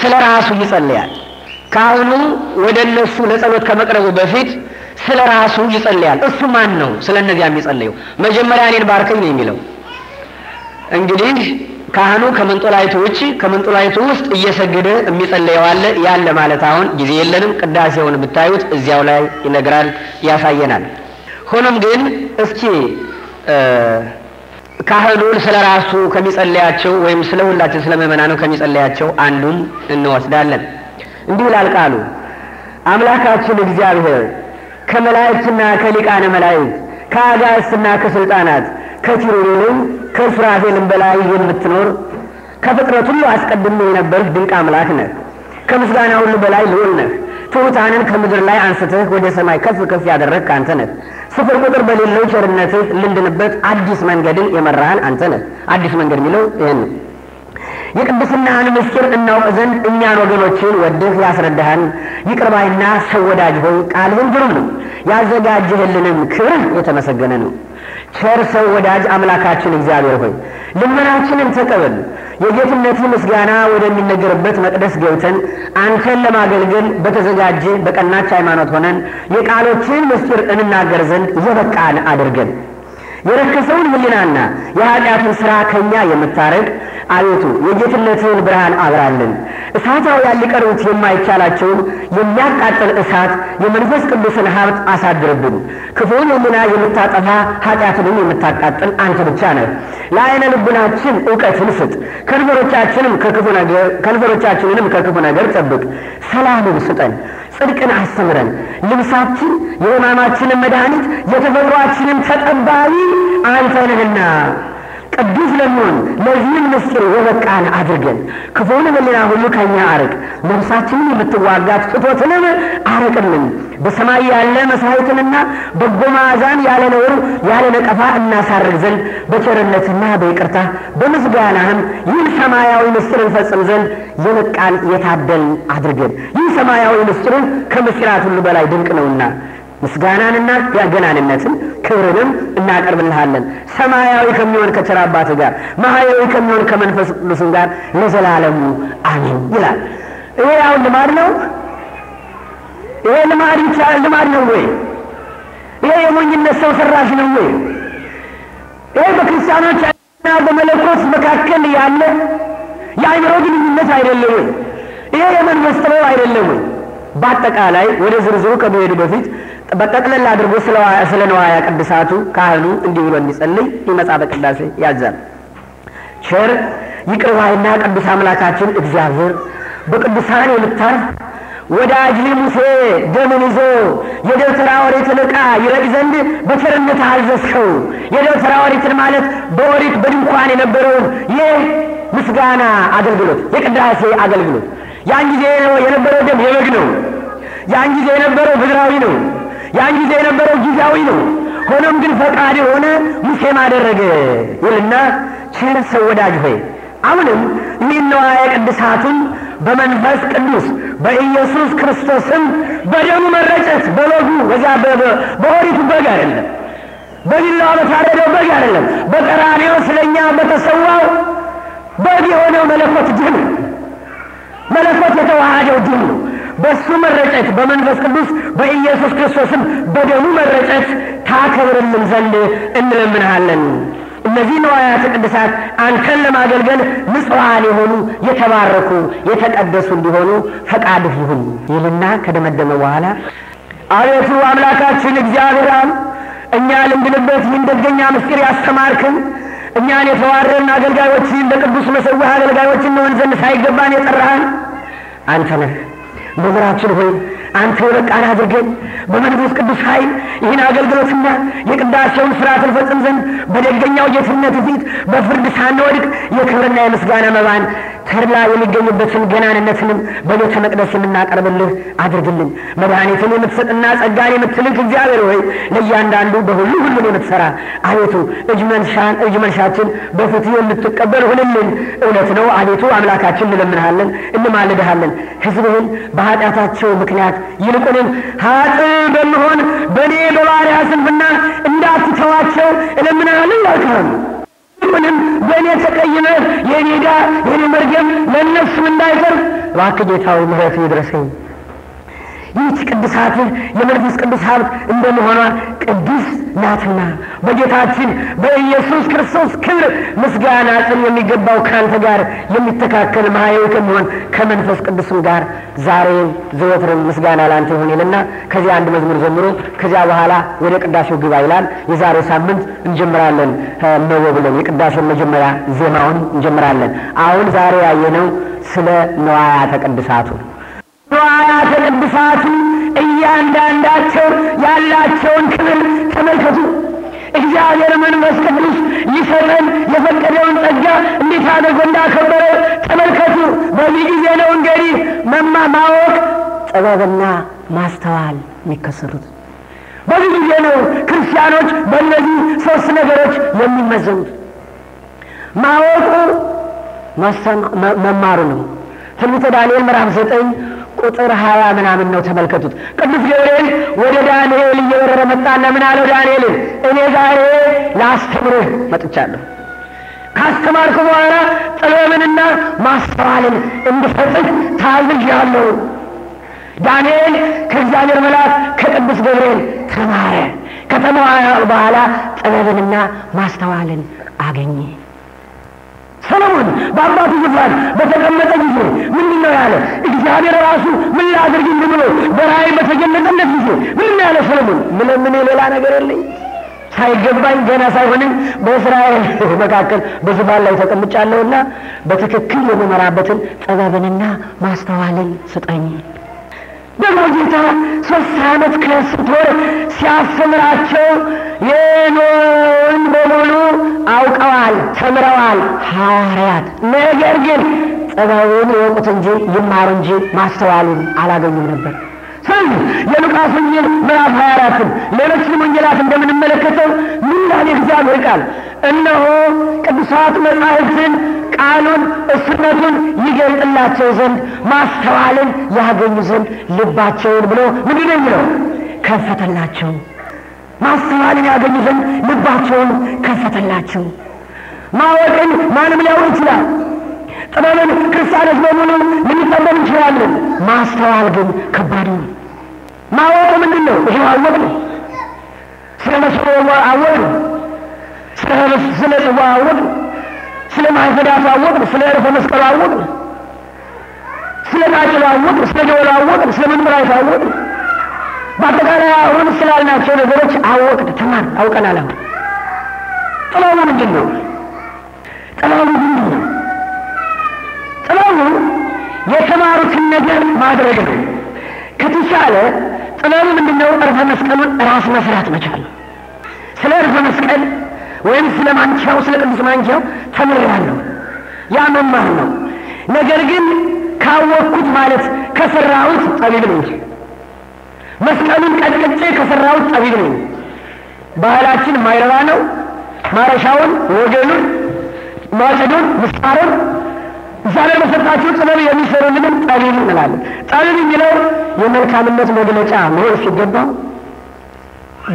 ስለ ራሱ ይጸልያል። ካህኑ ወደ እነሱ ለጸሎት ከመቅረቡ በፊት ስለ ራሱ ይጸልያል። እሱ ማን ነው? ስለ እነዚያ የሚጸልየው መጀመሪያ እኔን ባርከኝ ነው የሚለው። እንግዲህ ካህኑ ከመንጦላይቱ ውጭ ከመንጦላይቱ ውስጥ እየሰገደ የሚጸልየው አለ ያለ ማለት አሁን ጊዜ የለንም። ቅዳሴውን ብታዩት እዚያው ላይ ይነግራል፣ ያሳየናል። ሆኖም ግን እስኪ ካህኑን ስለ ራሱ ከሚጸልያቸው ወይም ስለ ሁላችን ስለ ምእመናኑ ከሚጸልያቸው አንዱን እንወስዳለን። እንዲህ ይላል ቃሉ አምላካችን እግዚአብሔር ከመላእክትና ከሊቃነ መላእክት ከአጋእዝትና ከስልጣናት ከኪሩቤልም ከሱራፌልም በላይ የምትኖር ከፍጥረት ሁሉ አስቀድሞ የነበርህ ድንቅ አምላክ ነህ። ከምስጋና ሁሉ በላይ ልዑል ነህ። ትሑታንን ከምድር ላይ አንስተህ ወደ ሰማይ ከፍ ከፍ ያደረግህ አንተ ነህ። ስፍር ቁጥር በሌለው ቸርነትህ ልንድንበት አዲስ መንገድን የመራህን አንተ ነህ። አዲስ መንገድ የሚለው ይህን ነው። የቅድስናህን ምስጢር እናውቅ ዘንድ እኛን ወገኖችን ወድህ ያስረዳህን ይቅርባይና ሰው ወዳጅ ሆይ ቃልህን ግሩም ነው፣ ያዘጋጀህልንም ክብርህ የተመሰገነ ነው። ቸር ሰው ወዳጅ አምላካችን እግዚአብሔር ሆይ ልመናችንን ተቀበል። የጌትነት ምስጋና ወደሚነገርበት መቅደስ ገብተን አንተን ለማገልገል በተዘጋጀ በቀናች ሃይማኖት ሆነን የቃሎችን ምስጢር እንናገር ዘንድ የበቃን አድርገን የረከሰውን ህልናና የኃጢአትን ሥራ ከእኛ የምታረግ አቤቱ የጌትነትህን ብርሃን አብራልን። እሳታውያን ሊቀርቡት የማይቻላቸውን የሚያቃጥል እሳት የመንፈስ ቅዱስን ሀብት አሳድርብን። ክፉን የሚና የምታጠፋ ኃጢአትንም የምታቃጥል አንተ ብቻ ነህ። ለአይነ ልቡናችን እውቀትን ስጥ፣ ከንፈሮቻችንም ከክፉ ነገር ከንፈሮቻችንንም ከክፉ ነገር ጠብቅ። ሰላምን ስጠን፣ ጽድቅን አስተምረን። ልብሳችን የሕማማችንን መድኃኒት የተፈጥሯችንን ተጠባቢ አንተ ነህና ቅዱስ ለሚሆን ለዚህም ምስጢር የበቃን አድርገን ክፉውን በሌላ ሁሉ ከኛ አርቅ፣ ነፍሳችንን የምትዋጋት ፍትወትንም አርቅልን። በሰማይ ያለ መሳይትንና በጎ መዓዛን ያለ ነውር ያለ ነቀፋ እናሳርግ ዘንድ በቸርነትና በይቅርታ በምስጋናህም ይህን ሰማያዊ ምስጢር እንፈጽም ዘንድ የበቃን የታደልን አድርገን። ይህ ሰማያዊ ምስጢርን ከምስጢራት ሁሉ በላይ ድንቅ ነውና ምስጋናንና ያገናንነትን ክብርንም እናቀርብልሃለን ሰማያዊ ከሚሆን ከቸር አባት ጋር ማህያዊ ከሚሆን ከመንፈስ ቅዱስም ጋር ለዘላለሙ አሜን ይላል። ይሄ አሁን ልማድ ነው። ይሄ ልማድ ልማድ ነው ወይ? ይሄ የሞኝነት ሰው ሰራሽ ነው ወይ? ይሄ በክርስቲያኖች እና በመለኮት መካከል ያለ የአይምሮ ግንኙነት አይደለም ወይ? ይሄ የመንፈስ ጥበብ አይደለም ወይ? በአጠቃላይ ወደ ዝርዝሩ ከመሄዱ በፊት በጠቅለል አድርጎ ስለ ነዋያ ቅድሳቱ ካህኑ እንዲህ ብሎ እንዲጸልይ ይመጻ በቅዳሴ ያዛል። ቸር ይቅር ባይና ቅዱስ አምላካችን እግዚአብሔር በቅዱሳን የምታርፍ ወዳጅ ሙሴ ደምን ይዞ የደብተራ ወሬትን ዕቃ ይረጭ ዘንድ በቸርነት አዘዝከው። የደብተራ ወሬትን ማለት በወሪት በድንኳን የነበረውን ምስጋና አገልግሎት የቅዳሴ አገልግሎት ያን ጊዜ የነበረው ደም የበግ ነው። ያን ጊዜ የነበረው ያን ጊዜ የነበረው ጊዜያዊ ነው። ሆኖም ግን ፈቃድ የሆነ ሙሴም አደረገ ይልና ቸር ሰው ወዳጅ ሆይ አሁንም ይህን ነዋየ ቅድሳቱን በመንፈስ ቅዱስ በኢየሱስ ክርስቶስም በደሙ መረጨት በበጉ በዚያ በኦሪቱ በግ አይደለም፣ በቢላዋ በታረደው በግ አይደለም፣ በቀራንዮ ስለኛ በተሰዋው በግ የሆነው መለኮት ድም መለኮት የተዋሃደው ድም ነው። በእሱ መረጨት በመንፈስ ቅዱስ በኢየሱስ ክርስቶስም በደሙ መረጨት ታከብርልን ዘንድ እንለምንሃለን። እነዚህ ንዋያተ ቅድሳት አንተን ለማገልገል ንጹሐን የሆኑ የተባረኩ የተቀደሱ እንዲሆኑ ፈቃድህ ይሁን ይልና ከደመደመ በኋላ አቤቱ አምላካችን እግዚአብሔር እኛ ልንድንበት ይህን ደገኛ ምስጢር ያስተማርክን እኛን የተዋረን አገልጋዮችን በቅዱስ መሰዊህ አገልጋዮች እንሆን ዘንድ ሳይገባን የጠራህን አንተ ነህ። መምህራችን ሆይ አንተ የበቃን አድርገን በመንፈስ ቅዱስ ኃይል ይህን አገልግሎትና የቅዳሴውን ሥርዓት እንፈጽም ዘንድ በደገኛው ጌትነት ፊት በፍርድ ሳንወድቅ የክብርና የምስጋና መባን ተድላ የሚገኝበትን ገናንነትንም በቤተ መቅደስ የምናቀርብልህ አድርግልን። መድኃኒትን የምትሰጥና ጸጋን የምትልክ እግዚአብሔር ሆይ ለእያንዳንዱ በሁሉ ሁሉን የምትሰራ አቤቱ እጅ መንሻን እጅ መንሻችን በፍትህ የምትቀበል ሁንልን። እውነት ነው አቤቱ አምላካችን እንለምንሃለን፣ እንማልድሃለን። ህዝብህን በኃጢአታቸው ምክንያት ይልቁንም ሀጥ በምሆን በእኔ በባሪያ ስንፍና እንዳትተዋቸው እለምናለሁ ያልካሉ። ምንም በእኔ ተቀይመ የኔ ዕዳ የኔ መርገም ለእነሱም እንዳይተርፍ እባክህ ጌታዊ ምሕረት ይድረሰኝ። ይህች ቅድሳትህ የመንፈስ ቅዱስ ሀብት እንደመሆኗ ቅዱስ ናትና በጌታችን በኢየሱስ ክርስቶስ ክብር ምስጋና ጽን የሚገባው ከአንተ ጋር የሚተካከል መሐያዊ ከመሆን ከመንፈስ ቅዱስም ጋር ዛሬም ዘወትርም ምስጋና ለአንተ ይሁን ይልና ከዚያ አንድ መዝሙር ዘምሮ ከዚያ በኋላ ወደ ቅዳሴው ግባ ይላል። የዛሬ ሳምንት እንጀምራለን። መወ ብለን የቅዳሴውን መጀመሪያ ዜማውን እንጀምራለን። አሁን ዛሬ ያየነው ስለ ነዋያተ ቅድሳቱ ዋናተ ቅዱሳቱ እያንዳንዳቸው ያላቸውን ክብር ተመልከቱ። እግዚአብሔር መንፈስ ቅዱስ ሊሰጠን የፈቀደውን ጸጋ እንዴት አድርጎ እንዳከበረ ተመልከቱ። በዚህ ጊዜ ነው እንግዲህ መማ ማወቅ፣ ጥበብና ማስተዋል የሚከሰቱት በዚህ ጊዜ ነው። ክርስቲያኖች በእነዚህ ሶስት ነገሮች የሚመዘኑት ማወቁ መማሩ ነው። ትንቢተ ዳንኤል ምዕራፍ ዘጠኝ ቁጥር ሀያ ምናምን ነው። ተመልከቱት። ቅዱስ ገብርኤል ወደ ዳንኤል እየወረረ መጣና ምን አለው? ዳንኤልን እኔ ዛሬ ላስተምርህ መጥቻለሁ። ካስተማርኩ በኋላ ጥበብንና ማስተዋልን እንድፈጽም ታዝዣለሁ። ዳንኤል ከእግዚአብሔር መልአክ ከቅዱስ ገብርኤል ተማረ። ከተማ በኋላ ጥበብንና ማስተዋልን አገኘ። በአባቱ ዙፋን በተቀመጠ ጊዜ ምንድን ነው ያለ? እግዚአብሔር ራሱ ምን ላድርግ ብሎ በራእይ በተገለጠለት ጊዜ ምንድን ነው ያለ ሰለሞን? ምለምን ሌላ ነገር የለኝ ሳይገባኝ ገና ሳይሆንም በእስራኤል መካከል በዙፋን ላይ ተቀምጫለሁና በትክክል የምመራበትን ጥበብንና ማስተዋልን ስጠኝ። ደግሞ ጌታ ሶስት ዓመት ከስቶ ሲያስተምራቸው የኖን በሙሉ አውቀዋል፣ ተምረዋል ሐዋርያት። ነገር ግን ጸባዩን ይወቁት እንጂ ይማሩ እንጂ ማስተዋሉን አላገኙም ነበር። ህዝብ የሉቃስ ወንጌል ምዕራፍ 24 አራትን ሌሎችንም ወንጌላት እንደምንመለከተው ምን ያህል የእግዚአብሔር ቃል እነሆ ቅዱሳት መጻሕፍትን ቃሉን እስነቱን ይገልጥላቸው ዘንድ ማስተዋልን ያገኙ ዘንድ ልባቸውን ብሎ ምንድን ነው? ከፈተላቸው። ማስተዋልን ያገኙ ዘንድ ልባቸውን ከፈተላቸው። ማወቅን ማንም ሊያውቅ ይችላል። ጥበብን ክርስቲያኖች በሙሉ ልንጠበብ እንችላለን። ማስተዋል ግን ከባድ ነው። ማወቁ ምንድን ነው? ይሄ አወቅ ስለ መስሎ አወቅ ነው። ስለ ጽዋ አወቅ ስለ ማይፈዳቱ አወቅ ስለ ዕርፈ መስቀሉ አወቅ ስለ ቃጭሉ አወቅ ስለ ደወሉ አወቅ ስለ መንበራቱ አወቅ ነው። በአጠቃላይ አሁን ስላልናቸው ነገሮች አወቅን፣ ተማር አውቀናል። አሁን ጥበቡ ምንድን ነው? ጥበቡ ምንድን ነው? ጥበቡ የተማሩትን ነገር ማድረግ ነው ከተቻለ ጥበቡ ምንድነው? እርፈ መስቀሉን ራስ መስራት መቻል። ስለ እርፈ መስቀል ወይም ስለ ማንኪያው፣ ስለ ቅዱስ ማንኪያው ተምሬያለሁ። ያ መማር ነው። ነገር ግን ካወቅኩት ማለት ከሰራሁት ጠቢብ ነኝ። መስቀሉን ቀጥቅጬ ከሰራሁት ጠቢብ ነኝ። ባህላችን ማይረባ ነው። ማረሻውን፣ ወገሉን፣ ማጭዱን፣ ምስማሩን ዛሬ ላይ በሰጣችሁ ጥበብ የሚሰሩልንም ጠቢብ እንላለን። ጠቢብ የሚለው የመልካምነት መግለጫ መሆን ሲገባ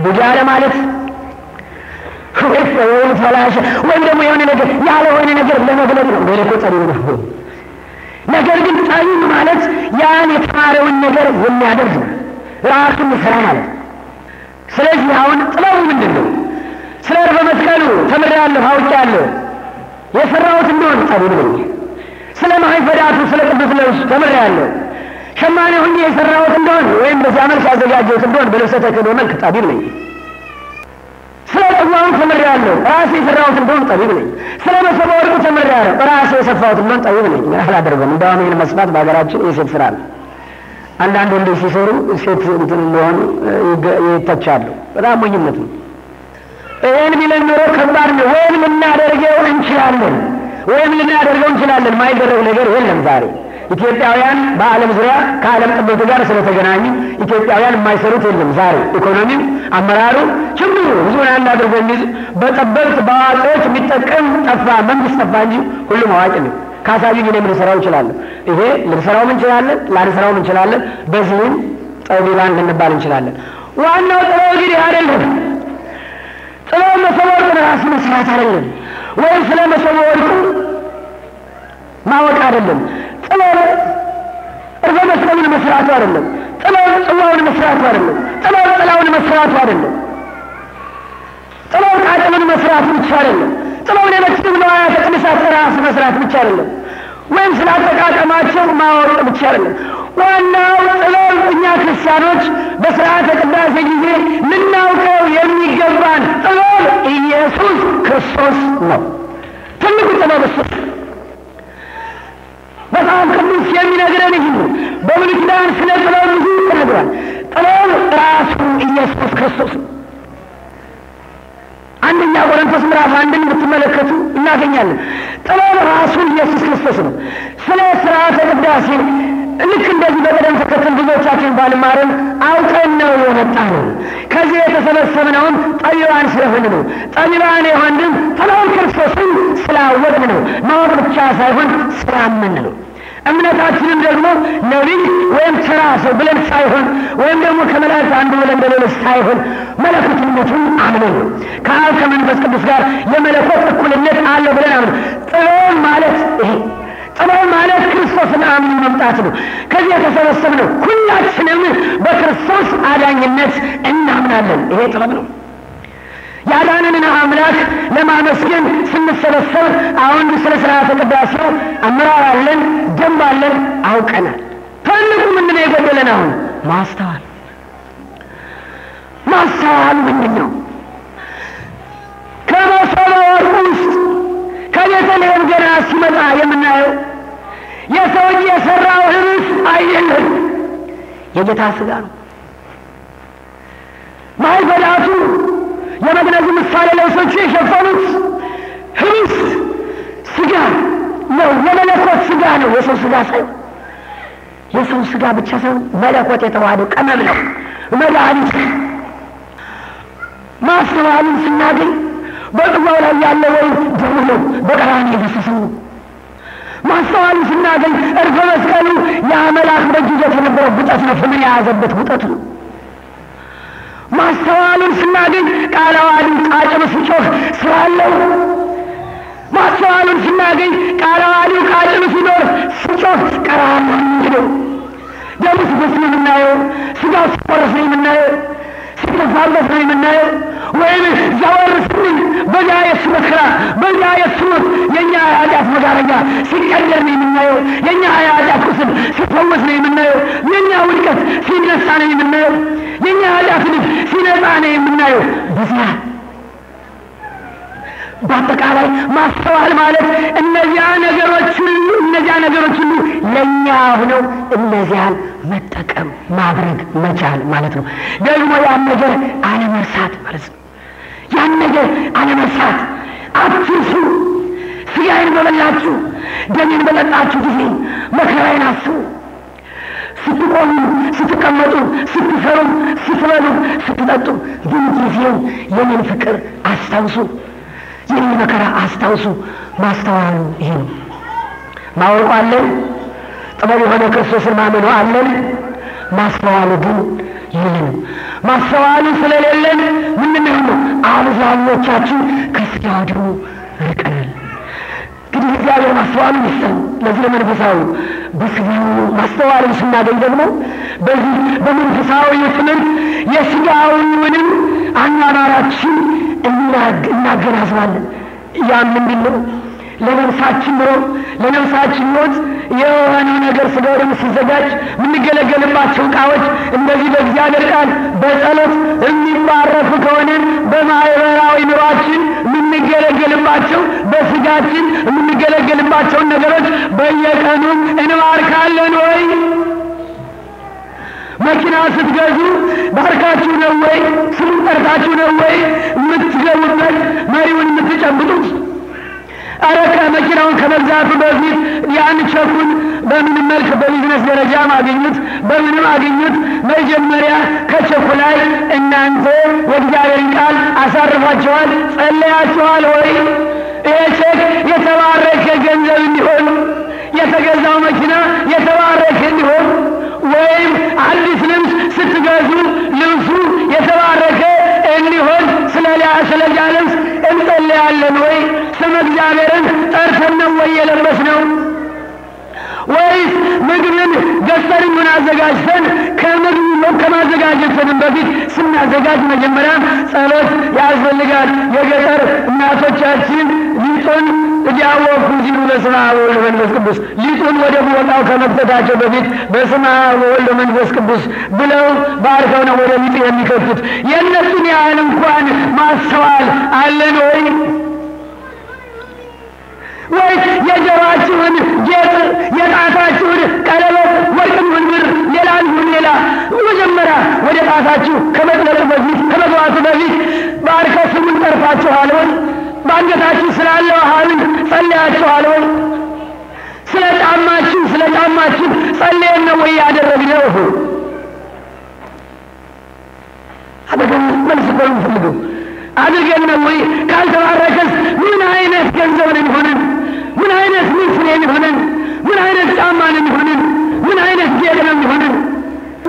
ቡጃለ ማለት ወይም ፈላሸ ወይም ደግሞ የሆነ ነገር ያለሆነ ነገር ለመግለጥ ነው። በሌኮ ጠቢብ ነው። ነገር ግን ጠቢብ ማለት ያን የተማረውን ነገር የሚያደርግ ነው፣ ራሱ ምስራ ማለት ስለዚህ አሁን ጥበቡ ምንድን ነው? ስለ በመስቀሉ ተምሬያለሁ፣ አውቄያለሁ፣ የሰራሁት እንደሆን ጠቢብ ነኝ። ስለ ማይፈዳቱ ስለ ቅዱስ ልብስ ተምሬያለሁ። ሸማኔ ሁኜ የሰራሁት እንደሆን ወይም በዚያ መልክ ያዘጋጀሁት እንደሆን በልብሰ ተክህኖ መልክ ጠቢብ ነኝ። ስለ ጽዋውን ተምሬያለሁ፣ ራሴ የሰራሁት እንደሆን ጠቢብ ነኝ። ስለ መሶበ ወርቁ ተምሬያለሁ፣ ራሴ የሰፋሁት እንደሆን ጠቢብ ነኝ። ምን አላደርገም። እንደውም ይህን መስፋት በሀገራችን የሴት ስራ ነው። አንዳንድ ወንዶች ሲሰሩ ሴት እንትን እንደሆኑ ይተቻሉ። በጣም ሞኝነት ነው። ይህን ቢለን ኖሮ ከባድ ነው። ወይም እናደርገው እንችላለን ወይም ልናደርገው እንችላለን። ማይደረግ ነገር የለም። ዛሬ ኢትዮጵያውያን በዓለም ዙሪያ ከዓለም ጥበቱ ጋር ስለተገናኙ ኢትዮጵያውያን የማይሰሩት የለም። ዛሬ ኢኮኖሚ አመራሩ፣ ችግሩ ህዝቡን አንድ አድርጎ የሚይዝ በጠበብት በአዋቂዎች የሚጠቀም ጠፋ። መንግስት ጠፋ እንጂ ሁሉም አዋቂ ነው። ካሳዩኝ እኔም ልሰራው እንችላለን። ይሄ ልንሰራውም እንችላለን፣ ላንሰራውም እንችላለን። በዚህም ጠቢባን ልንባል እንችላለን። ዋናው ጥበብ እንግዲህ አይደለም ጥበብ መሰወርጥ ራስ መስራት አይደለም። ወይም ስለ መሰሉ ወርቁ ማወቅ አይደለም። ጥበብ እርፈ መስቀሉን መስራቱ አይደለም። ጥበብ ጽዋውን መስራቱ አይደለም። ጥበብ ጥላውን መስራቱ አይደለም። ጥበብ ቃጭሉን መስራቱ ብቻ አይደለም። ጥበብ ሌሎች ንዋያተ ቅድሳት ራሱ መስራት ብቻ አይደለም። ወይም ስለ አጠቃቀማቸው ማወቅ ብቻለን። ዋናው ጥበብ እኛ ክርስቲያኖች በስርዓተ ቅዳሴ ጊዜ ልናውቀው የሚገባን ጥበብ ኢየሱስ ክርስቶስ ነው። ትልቁ ጥበብ እሱ በጣም ቅዱስ የሚነግረን ይህ ነው። በብሉይ ኪዳን ስለ ጥበብ ብዙ ተነግሯል። ጥበብ ራሱ ኢየሱስ ክርስቶስ ነው። አንደኛ ቆሮንቶስ ምዕራፍ አንድን ብትመለከቱ እናገኛለን። ጥበብ ራሱ ኢየሱስ ክርስቶስ ነው። ስለ ስርዓተ ቅዳሴ ልክ እንደዚህ በቅደም ተከተል ብዙዎቻችን ባልማርም አውቀን ነው የመጣ ነው። ከዚህ የተሰበሰብነውም ጠቢባን ስለሆን ነው። ጠቢባን የሆንን ጥበብ ክርስቶስን ስላወቅን ነው። ማወቅ ብቻ ሳይሆን ስላመን ነው። እምነታችንም ደግሞ ነቢይ ወይም ተራ ሰው ብለን ሳይሆን ወይም ደግሞ ከመላእክት አንዱ ብለን እንደሌሎች ሳይሆን መለኮትነቱን አምነን ከአብ ከመንፈስ ቅዱስ ጋር የመለኮት እኩልነት አለ ብለን አምነን ጥበብ ማለት ይሄ ጥበብ ማለት ክርስቶስን አምኑ መምጣት ነው። ከዚህ የተሰበሰብነው ሁላችንም በክርስቶስ አዳኝነት እናምናለን። ይሄ ጥበብ ነው። ያዳነንን አምላክ ለማመስገን ስንሰበሰብ አሁን ስለ ስርዓተ ቅዳሴው አመራር አለን፣ ደንብ አለን፣ አውቀናል። ትልቁ ምንድን ነው የጎደለን? አሁን ማስተዋል። ማስተዋል ምንድን ነው? ከመሶበ ወርቁ ውስጥ ከቤተልሔም ገና ሲመጣ የምናየው የሰው እጅ የሰራው ህብስ አይደለም፣ የጌታ ስጋ ነው ማይበላቱ የመግነዝ ምሳሌ ለብሶቹ የሸፈኑት ህብስት ስጋ ነው። የመለኮት ስጋ ነው፣ የሰው ስጋ ሳይሆን የሰው ስጋ ብቻ ሳይሆን መለኮት የተዋሃደው ቀመም ነው፣ መድኃኒት ማስተዋልን ስናገኝ በጽዋው ላይ ያለ ወይ ደሙ ነው፣ በቀራን የፈሰሰው ነው። ማስተዋሉ ስናገኝ እርፈ መስቀሉ የአመላክ በእጅ ይዞት የነበረው ውጠት ነው፣ ፍምን የያዘበት ውጠት ነው። ማስተዋሉን ስናገኝ ቃለ ዓዋዲ ቃጭል ሲጮህ ስላለው ማስተዋሉን ስናገኝ ቃለ ዓዋዲው ቃጭል ሲኖር ሲጮህ ቀራማ ነው። ደሙ ሲፈስ ነው የምናየው። ስጋው ሲቆረስ ነው የምናየው። ሲተፋበት ነው የምናየው። ወይም ዘወር ስንል በዛ የእሱ መከራ በዛ የእሱ የእኛ ኃጢአት መጋረጃ ሲቀደር ነው የምናየው። የእኛ ኃጢአት ቁስል ሲፈወስ ነው የምናየው። የእኛ ውድቀት ሲነሳ ነው የምናየው። የእኛ ኃጢአት ልጅ ሲነጻ ነው የምናየው ብዛት በአጠቃላይ ማስተዋል ማለት እነዚያ ነገሮች ሁሉ እነዚያ ነገሮች ሁሉ ለእኛ ሆነው እነዚያን መጠቀም ማድረግ መቻል ማለት ነው። ደግሞ ያን ነገር አለመርሳት ማለት ነው። ያን ነገር አለመርሳት፣ አትርሱ። ስጋዬን በበላችሁ ደሜን በጠጣችሁ ጊዜ መከራዬን አስቡ። ስትቆሙ፣ ስትቀመጡ፣ ስትሰሩ፣ ስትበሉ፣ ስትጠጡ ጊዜው የኔን ፍቅር አስታውሱ፣ የኔን መከራ አስታውሱ። ማስተዋሉ ይሄ ነው። ማወቁ አለን፣ ጥበብ የሆነ ክርስቶስን ማመኑ አለን። ማስተዋሉ ግን ይህ ነው። ማስተዋሉ ስለሌለን ምንድን ነው? አብዛኞቻችን ከስጋዱ ርቀናል። እንግዲህ እግዚአብሔር ማስተዋሉ ይስጠን። ለዚህ ለመንፈሳዊ በስጋው ማስተዋልን ስናገኝ ደግሞ በዚህ በመንፈሳዊ ትምህርት የስጋዊውንም አኗኗራችን እናገናዝባለን። ያም ምንድን ነው? ለነፍሳችን ብሎ ለነፍሳችን ሞት የሆነው ነገር ስጋ ደም ሲዘጋጅ የምንገለገልባቸው ዕቃዎች እንደዚህ በእግዚአብሔር ቃል በጸሎት የሚባረፉ ከሆነን በማህበራዊ ኑሯችን የምንገለገልባቸው በስጋችን የምንገለገልባቸውን ነገሮች በየቀኑ እንባርካለን ወይ? መኪና ስትገዙ ባርካችሁ ነው ወይ? ስም ጠርታችሁ ነው ወይ የምትገቡበት መሪውን የምትጨብጡት? አረ መኪናውን ከመግዛቱ በፊት ያን ቸኩን በምንም መልክ በቢዝነስ ደረጃ ማግኘት በምንም አግኙት። መጀመሪያ ከቸኩ ላይ እናንተ የእግዚአብሔርን ቃል አሳርፋችኋል፣ ጸለያችኋል ወይ? ይሄ ቼክ የተባረከ ገንዘብ እንዲሆን የተገዛው መኪና የተባረከ እንዲሆን ወይም አዲስ ልብስ ስትገዙ ልብሱ የተባረከ እንዲሆን ስለዚያ ልብስ እንጠለያለን ወይ? ስም እግዚአብሔርን ጠርተን ነው ወይ የለበስ ነው? ወይስ ምግብን ገዝተን ምን አዘጋጅተን ከምግብ ከማዘጋጀትን በፊት ስናዘጋጅ መጀመሪያ ጸሎት ያስፈልጋል። የገጠር እናቶቻችን ሊጡን እዲያወኩ ሲሉ በስመ አብ ወወልድ መንፈስ ቅዱስ ሊጡን ወደ ቦቃው ከመክተታቸው በፊት በስመ አብ ወወልድ መንፈስ ቅዱስ ብለው ባርከው ነው ወደ ሊጡ የሚከቱት። የእነሱን ያህል እንኳን ማስተዋል አለን ወይ? ወይስ የጆሮአችሁን ጌጥ፣ የጣታችሁን ቀለበት ወርቅም ይሁን ብር፣ ሌላ ይሁን ሌላ፣ መጀመሪያ ወደ ጣታችሁ ከመጥለቁ በፊት ከመግባቱ በፊት ባርከ ስሙን ጠርታችኋል ወይ? በአንገታችሁ ስላለው ሀብል ጸለያችኋል ወይ? ስለ ጫማችሁ ስለ ጫማችሁ ጸለየን ነው ወይ ያደረግነው? አደገን መልስ እኮ ነው የምፈልገው። አድርገን ነው ወይ? ካልተባረከስ ምን አይነት ገንዘብ ነው የሚሆነን? ምን አይነት ልብስ ነው የሚሆንን? ምን አይነት ጫማ ነው የሚሆንን? ምን አይነት ጌጥ ነው የሚሆንን?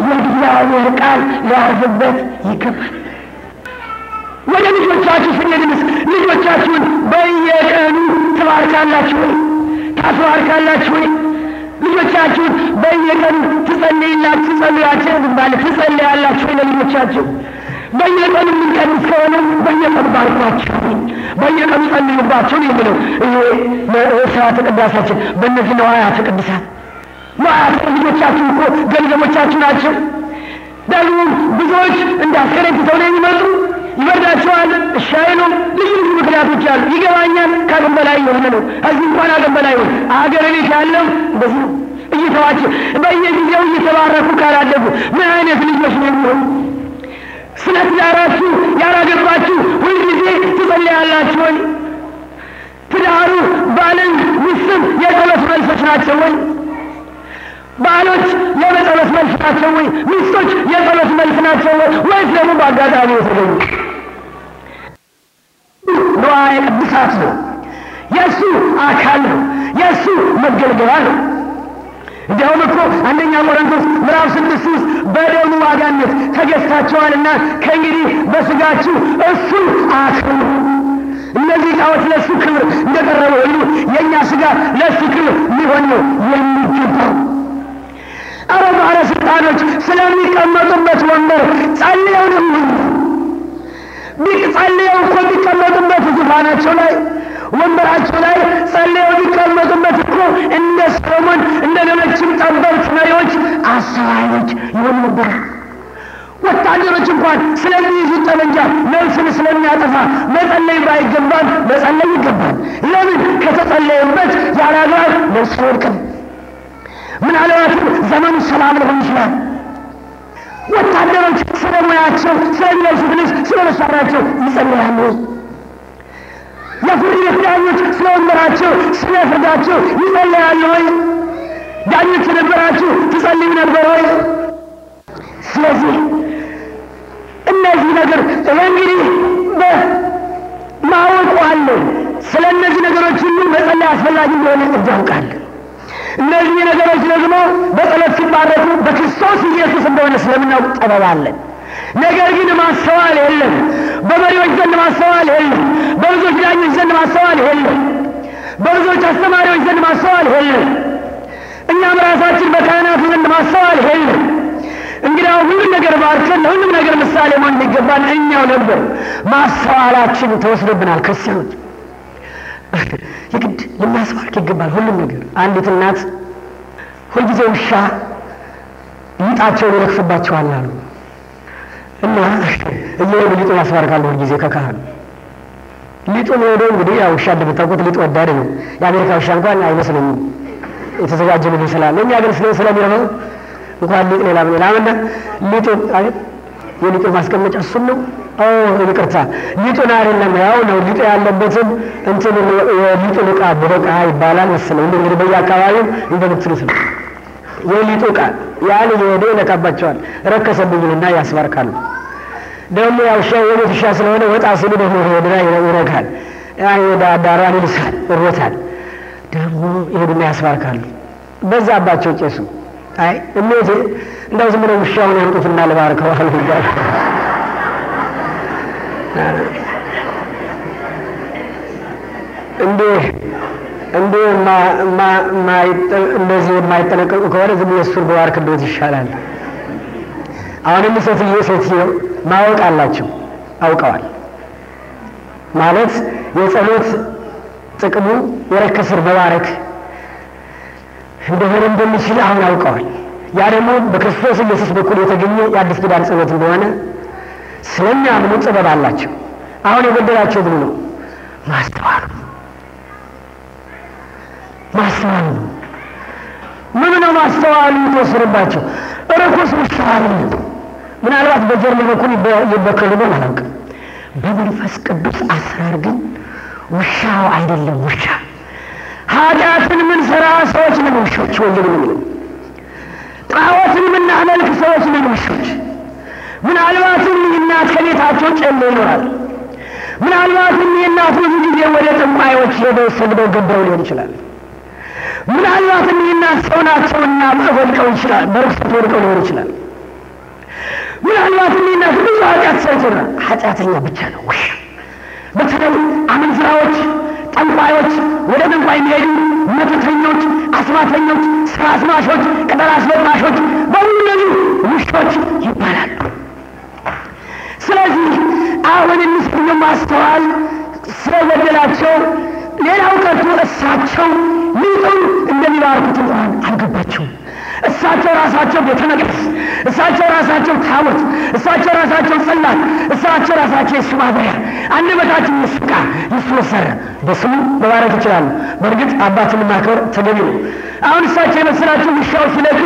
የእግዚአብሔር ቃል ሊያርፍበት ይገባል። ወደ ልጆቻችሁ ስንድንስ ልጆቻችሁን በየቀኑ ትባርካላችሁ ወይ? ታስባርካላችሁ ወይ? ልጆቻችሁን በየቀኑ ትጸልይላችሁ ትጸልያቸው ትባለ ትጸልያላችሁ ለልጆቻችሁ በየቀኑ የምንቀንስ ከሆነ በየቀኑ ባርኳቸው በየቀኑ ጸልዩባቸው ነው የሚለው ይሄ ስርዓተ ቅዳሴያችን። በእነዚህ ነዋያተ ቅዱሳት ነዋያተ ልጆቻችሁ እኮ ገንዘቦቻችሁ ናቸው። ደግሞ ብዙዎች እንደ አስከሬት ትተው ነው የሚመጡ። ይበርዳቸዋል፣ እሺ አይሉም። ልዩ ልዩ ምክንያቶች አሉ። ይገባኛል። ከአቅም በላይ የሆነ ነው። እዚህ እንኳን አቅም በላይ ሆነ። አገር ቤት ያለው እንደዚህ ነው። እየተዋቸው በየጊዜው እየተባረኩ ካላደጉ ምን አይነት ልጆች ነው የሚሆኑ? ስለ ትዳራችሁ ያላገባችሁ ሁልጊዜ ትጸልያላችሁ ወይ? ትዳሩ ባልን ሚስትም የጸሎት መልሶች ናቸው ወይ? ባሎች የመጸሎት መልስ ናቸው ወይ? ሚስቶች የጸሎት መልስ ናቸው ወይ? ወይስ ደግሞ በአጋጣሚ የተገኙ ዱዓ የቅዱሳት ነው። የእሱ አካል ነው። የእሱ መገልገያ ነው። እንዲያውም እኮ አንደኛ ቆሮንቶስ ምዕራፍ ስድስት ውስጥ በደሙ ዋጋነት ተገዝታችኋልና ከእንግዲህ በስጋችሁ እሱ አክብሩ። እነዚህ እቃዎች ለእሱ ክብር እንደቀረበ ሁሉ የእኛ ስጋ ለእሱ ክብር ሊሆን ነው የሚገባው። አረ ባለስልጣኖች ስለሚቀመጡበት ወንበር ጸልየው ቢቅ ጸልየው እኮ የሚቀመጡበት ዙፋናቸው ላይ ወንበራቸው ላይ ጸልየው ሊቀመጡበት እኮ እንደ ሰሎሞን እንደ ሌሎችም ጠበብት መሪዎች አሰራዮች ይሆን ነበር። ወታደሮች እንኳን ስለሚይዙት ጠመንጃ ነፍስን ስለሚያጠፋ መጸለይ ባይገባም መጸለይ ይገባል። ለምን ከተጸለየበት ያለ አግባብ ነፍስ አይወድቅም። ምናልባትም ዘመኑ ሰላም ሊሆን ይችላል። ወታደሮች ስለ ሙያቸው፣ ስለሚለብሱት ልብስ፣ ስለ መሳሪያቸው ይጸልያሉ። የፍርድ ቤት ዳኞች ስለ ወንበራቸው ስለ ፍርዳቸው ይጸለያሉ ወይ? ዳኞች የነበራችሁ ትጸልዩ ነበር ወይ? ስለዚህ እነዚህ ነገር እንግዲህ ማወቁ አለ። ስለ እነዚህ ነገሮች ሁሉ መጸለይ አስፈላጊ እንደሆነ እንዳውቃለን። እነዚህ ነገሮች ደግሞ በጸሎት ሲባረኩ በክርስቶስ ኢየሱስ እንደሆነ ስለምናውቅ ጠበባለን። ነገር ግን ማስተዋል የለም። በመሪዎች ዘንድ ማስተዋል የለም። በብዙዎች ዳኞች ዘንድ ማስተዋል የለም። በብዙዎች አስተማሪዎች ዘንድ ማስተዋል የለም። እኛም ራሳችን በካህናቱ ዘንድ ማስተዋል የለም። እንግዲህ ሁሉም ነገር ባርከን ለሁሉም ነገር ምሳሌ መሆን የሚገባን እኛው ነበር። ማስተዋላችን ተወስዶብናል። ክርስቲያኖች የግድ ልናስባርክ ይገባል ሁሉም ነገር። አንዲት እናት ሁልጊዜ ውሻ ይጣቸውን ይረግፍባቸዋል አሉ። እና እየሄዱ ሊጡን ያስባርካሉ ጊዜ ከካህኑ ሊጡን ወደ እንግዲህ ያው ውሻ እንደምታውቁት ሊጥ ወዳድ ነው። የአሜሪካ ውሻ እንኳን አይመስለኝም የተዘጋጀ ምግብ ስላለ እኛ ግን ስለሚረመው እንኳን ሊጥ ሌላ ምን ላምና ሊጡን የሊጡን ማስቀመጫ እሱም ነው። ይቅርታ ሊጡን አይደለም ያው ነው ሊጡ ያለበትን እንትን የሊጡን ዕቃ ቦቃ ይባላል መሰለኝ እንግዲህ በየአካባቢው እንደምትሉት ነው። የሊጡ ዕቃ ያን እየሄደ ይነካባቸዋል። ረከሰብኝንና ያስባርካሉ። ደግሞ ያው ሻ የቤት ሻ ስለሆነ ወጣ ሲሉ ደግሞ ወደራ ይረካል፣ ወደ አዳሯን ይልሳል፣ እሮታል። ደግሞ ይሄድና ያስባርካሉ። በዛ አባቸው ጭሱ አይ እሜቴ እንዳው ዝም ብለው ውሻውን ያምጡትና ልባርከው አሉ ይባል እንዴ እንዴ እንደዚህ የማይጠነቀቁ ከሆነ ዝም ብሎ እሱን በዋርክበት ይሻላል። አሁንም ሴትዮ ሴትዮ ማወቅ አላቸው አውቀዋል ማለት የጸሎት ጥቅሙ የረከሰን መባረክ እንደሆነ እንደሚችል አሁን አውቀዋል። ያ ደግሞ በክርስቶስ ኢየሱስ በኩል የተገኘ የአዲስ ኪዳን ጸሎት እንደሆነ ስለሚያምኑ ጥበብ አላቸው። አሁን የጎደላቸው ብሎ ነው ማስተዋሉ ማስተዋሉ ነው። ምን ነው ማስተዋሉ ተወሰደባቸው። ርኩስ ነው። ምናልባት በጀርመን በኩል ይበከሉ ነው አላውቅም። በመንፈስ ቅዱስ አሰራር ግን ውሻው አይደለም ውሻ ኃጢአትን የምንሰራ ሰዎች ነን ውሾች። ወንድም ምን ጣዖትን ምናመልክ ሰዎች ነን ውሾች። ምናልባትም እናት ከቤታቸው ጨሎ ይኖራል። ምናልባትም የእናት ብዙ ጊዜ ወደ ጥንቋዮች ሄደው ሰግደው ገብረው ሊሆን ይችላል። ምናልባትም የእናት ሰው ናቸውና ወድቀው ይችላል፣ በርክሰት ወድቀው ሊሆን ይችላል። ምናልባት የሚናት ብዙ ኃጢአት ሳይሰራ ኃጢአተኛ ብቻ ነው። ውሽ በተለይ አመንዝራዎች፣ ጠንቋዮች፣ ወደ ጠንቋይ የሚሄዱ መተተኞች፣ አስማተኞች፣ ስራ አስማሾች፣ ቅጠል አስለባሾች በሙሉ እነዚህ ውሾች ይባላሉ። ስለዚህ አሁን የሚሰኘው ማስተዋል ስለጎደላቸው ሌላው ቀርቶ እሳቸው ሊጡን እንደሚባርኩት እንኳን አልገባቸውም። እሳቸው ራሳቸው ቤተ መቅደስ እሳቸው ራሳቸው ታቦት፣ እሳቸው ራሳቸው ጽላት፣ እሳቸው ራሳቸው የሱ ማብሪያ፣ አንደበታቸው የሱ ዕቃ፣ የሱ መሳሪያ። በስሙ መባረክ ይችላሉ። በእርግጥ አባትን ማክበር ተገቢ ነው። አሁን እሳቸው የመሰላቸው ውሻዎች ሲለቅፍ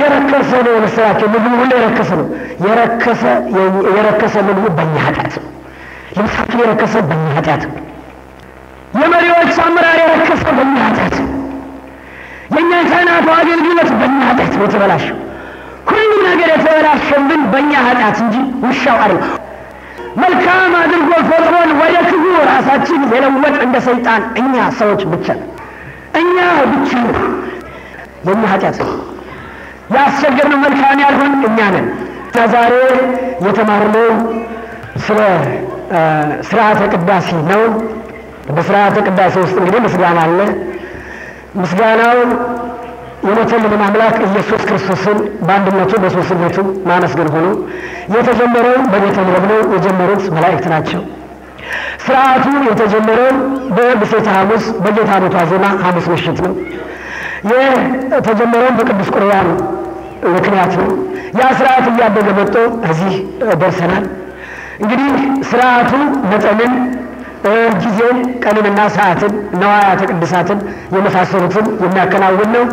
የረከሰ ነው የመሰላቸው ምግብ ሁሉ የረከሰ ነው። የረከሰ የረከሰ ምግቡ በእኛ ኃጢአት ነው። ልብሳቸው የረከሰ በእኛ ኃጢአት ነው። የመሪዎች አመራር የረከሰ በእኛ ኃጢአት ነው። የእኛን ካህናቱ አገልግሎት በእኛ ኃጢአት ነው የተበላሸው። ሁሉ ነገር የተበላሸብን በእኛ ኃጢአት እንጂ ውሻው አይደለም። መልካም አድርጎ ፈጥሮን ወደ ክፉ ራሳችን የለወጥ እንደ ሰይጣን እኛ ሰዎች ብቻ እኛ ብቻ በእኛ ኃጢአት ነው ያስቸገርነው፣ መልካም ያልሆን እኛ ነን። ዛሬ የተማርነው ስለ ስርዓተ ቅዳሴ ነው። በስርዓተ ቅዳሴ ውስጥ እንግዲህ ምስጋና አለ። ምስጋናው የሞተልን አምላክ ኢየሱስ ክርስቶስን በአንድነቱ በሶስትነቱ ማመስገን ሆኖ የተጀመረው በቤተልሔም ነው የጀመሩት መላእክት ናቸው። ስርዓቱ የተጀመረው በብሴተ ሐሙስ በጌታ ሞቷ ዜማ ሐሙስ ምሽት ነው። የተጀመረውን በቅዱስ ቁርባን ምክንያት ነው። ያ ስርዓት እያደገ መጥቶ እዚህ ደርሰናል። እንግዲህ ስርዓቱ መጠንን ጊዜን ቀንንና ሰዓትን ነዋያተ ቅዱሳትን የመሳሰሉትን የሚያከናውን ነው።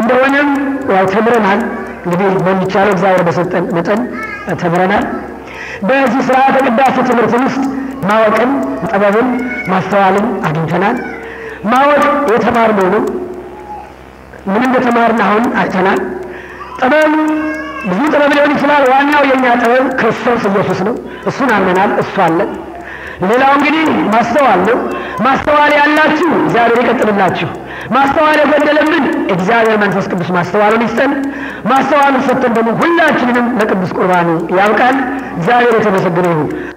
እንደሆነም ያው ተምረናል። እንግዲህ በሚቻለው እግዚአብሔር በሰጠን መጠን ተምረናል። በዚህ ስርዓተ ቅዳሴ ትምህርት ውስጥ ማወቅን፣ ጥበብን፣ ማስተዋልን አግኝተናል። ማወቅ የተማር ነው። ምን እንደተማርን አሁን አይተናል። ጥበብ ብዙ ጥበብ ሊሆን ይችላል። ዋናው የእኛ ጥበብ ክርስቶስ ኢየሱስ ነው። እሱን አምነናል። እሱ አለን። ሌላው እንግዲህ ማስተዋል ነው። ማስተዋል ያላችሁ እግዚአብሔር ይቀጥልላችሁ። ማስተዋል የጎደለምን እግዚአብሔር መንፈስ ቅዱስ ማስተዋሉን ይስጠን። ማስተዋሉን ሰጥተን ደግሞ ሁላችንንም ለቅዱስ ቁርባን ያብቃል። እግዚአብሔር የተመሰገነ ይሁን።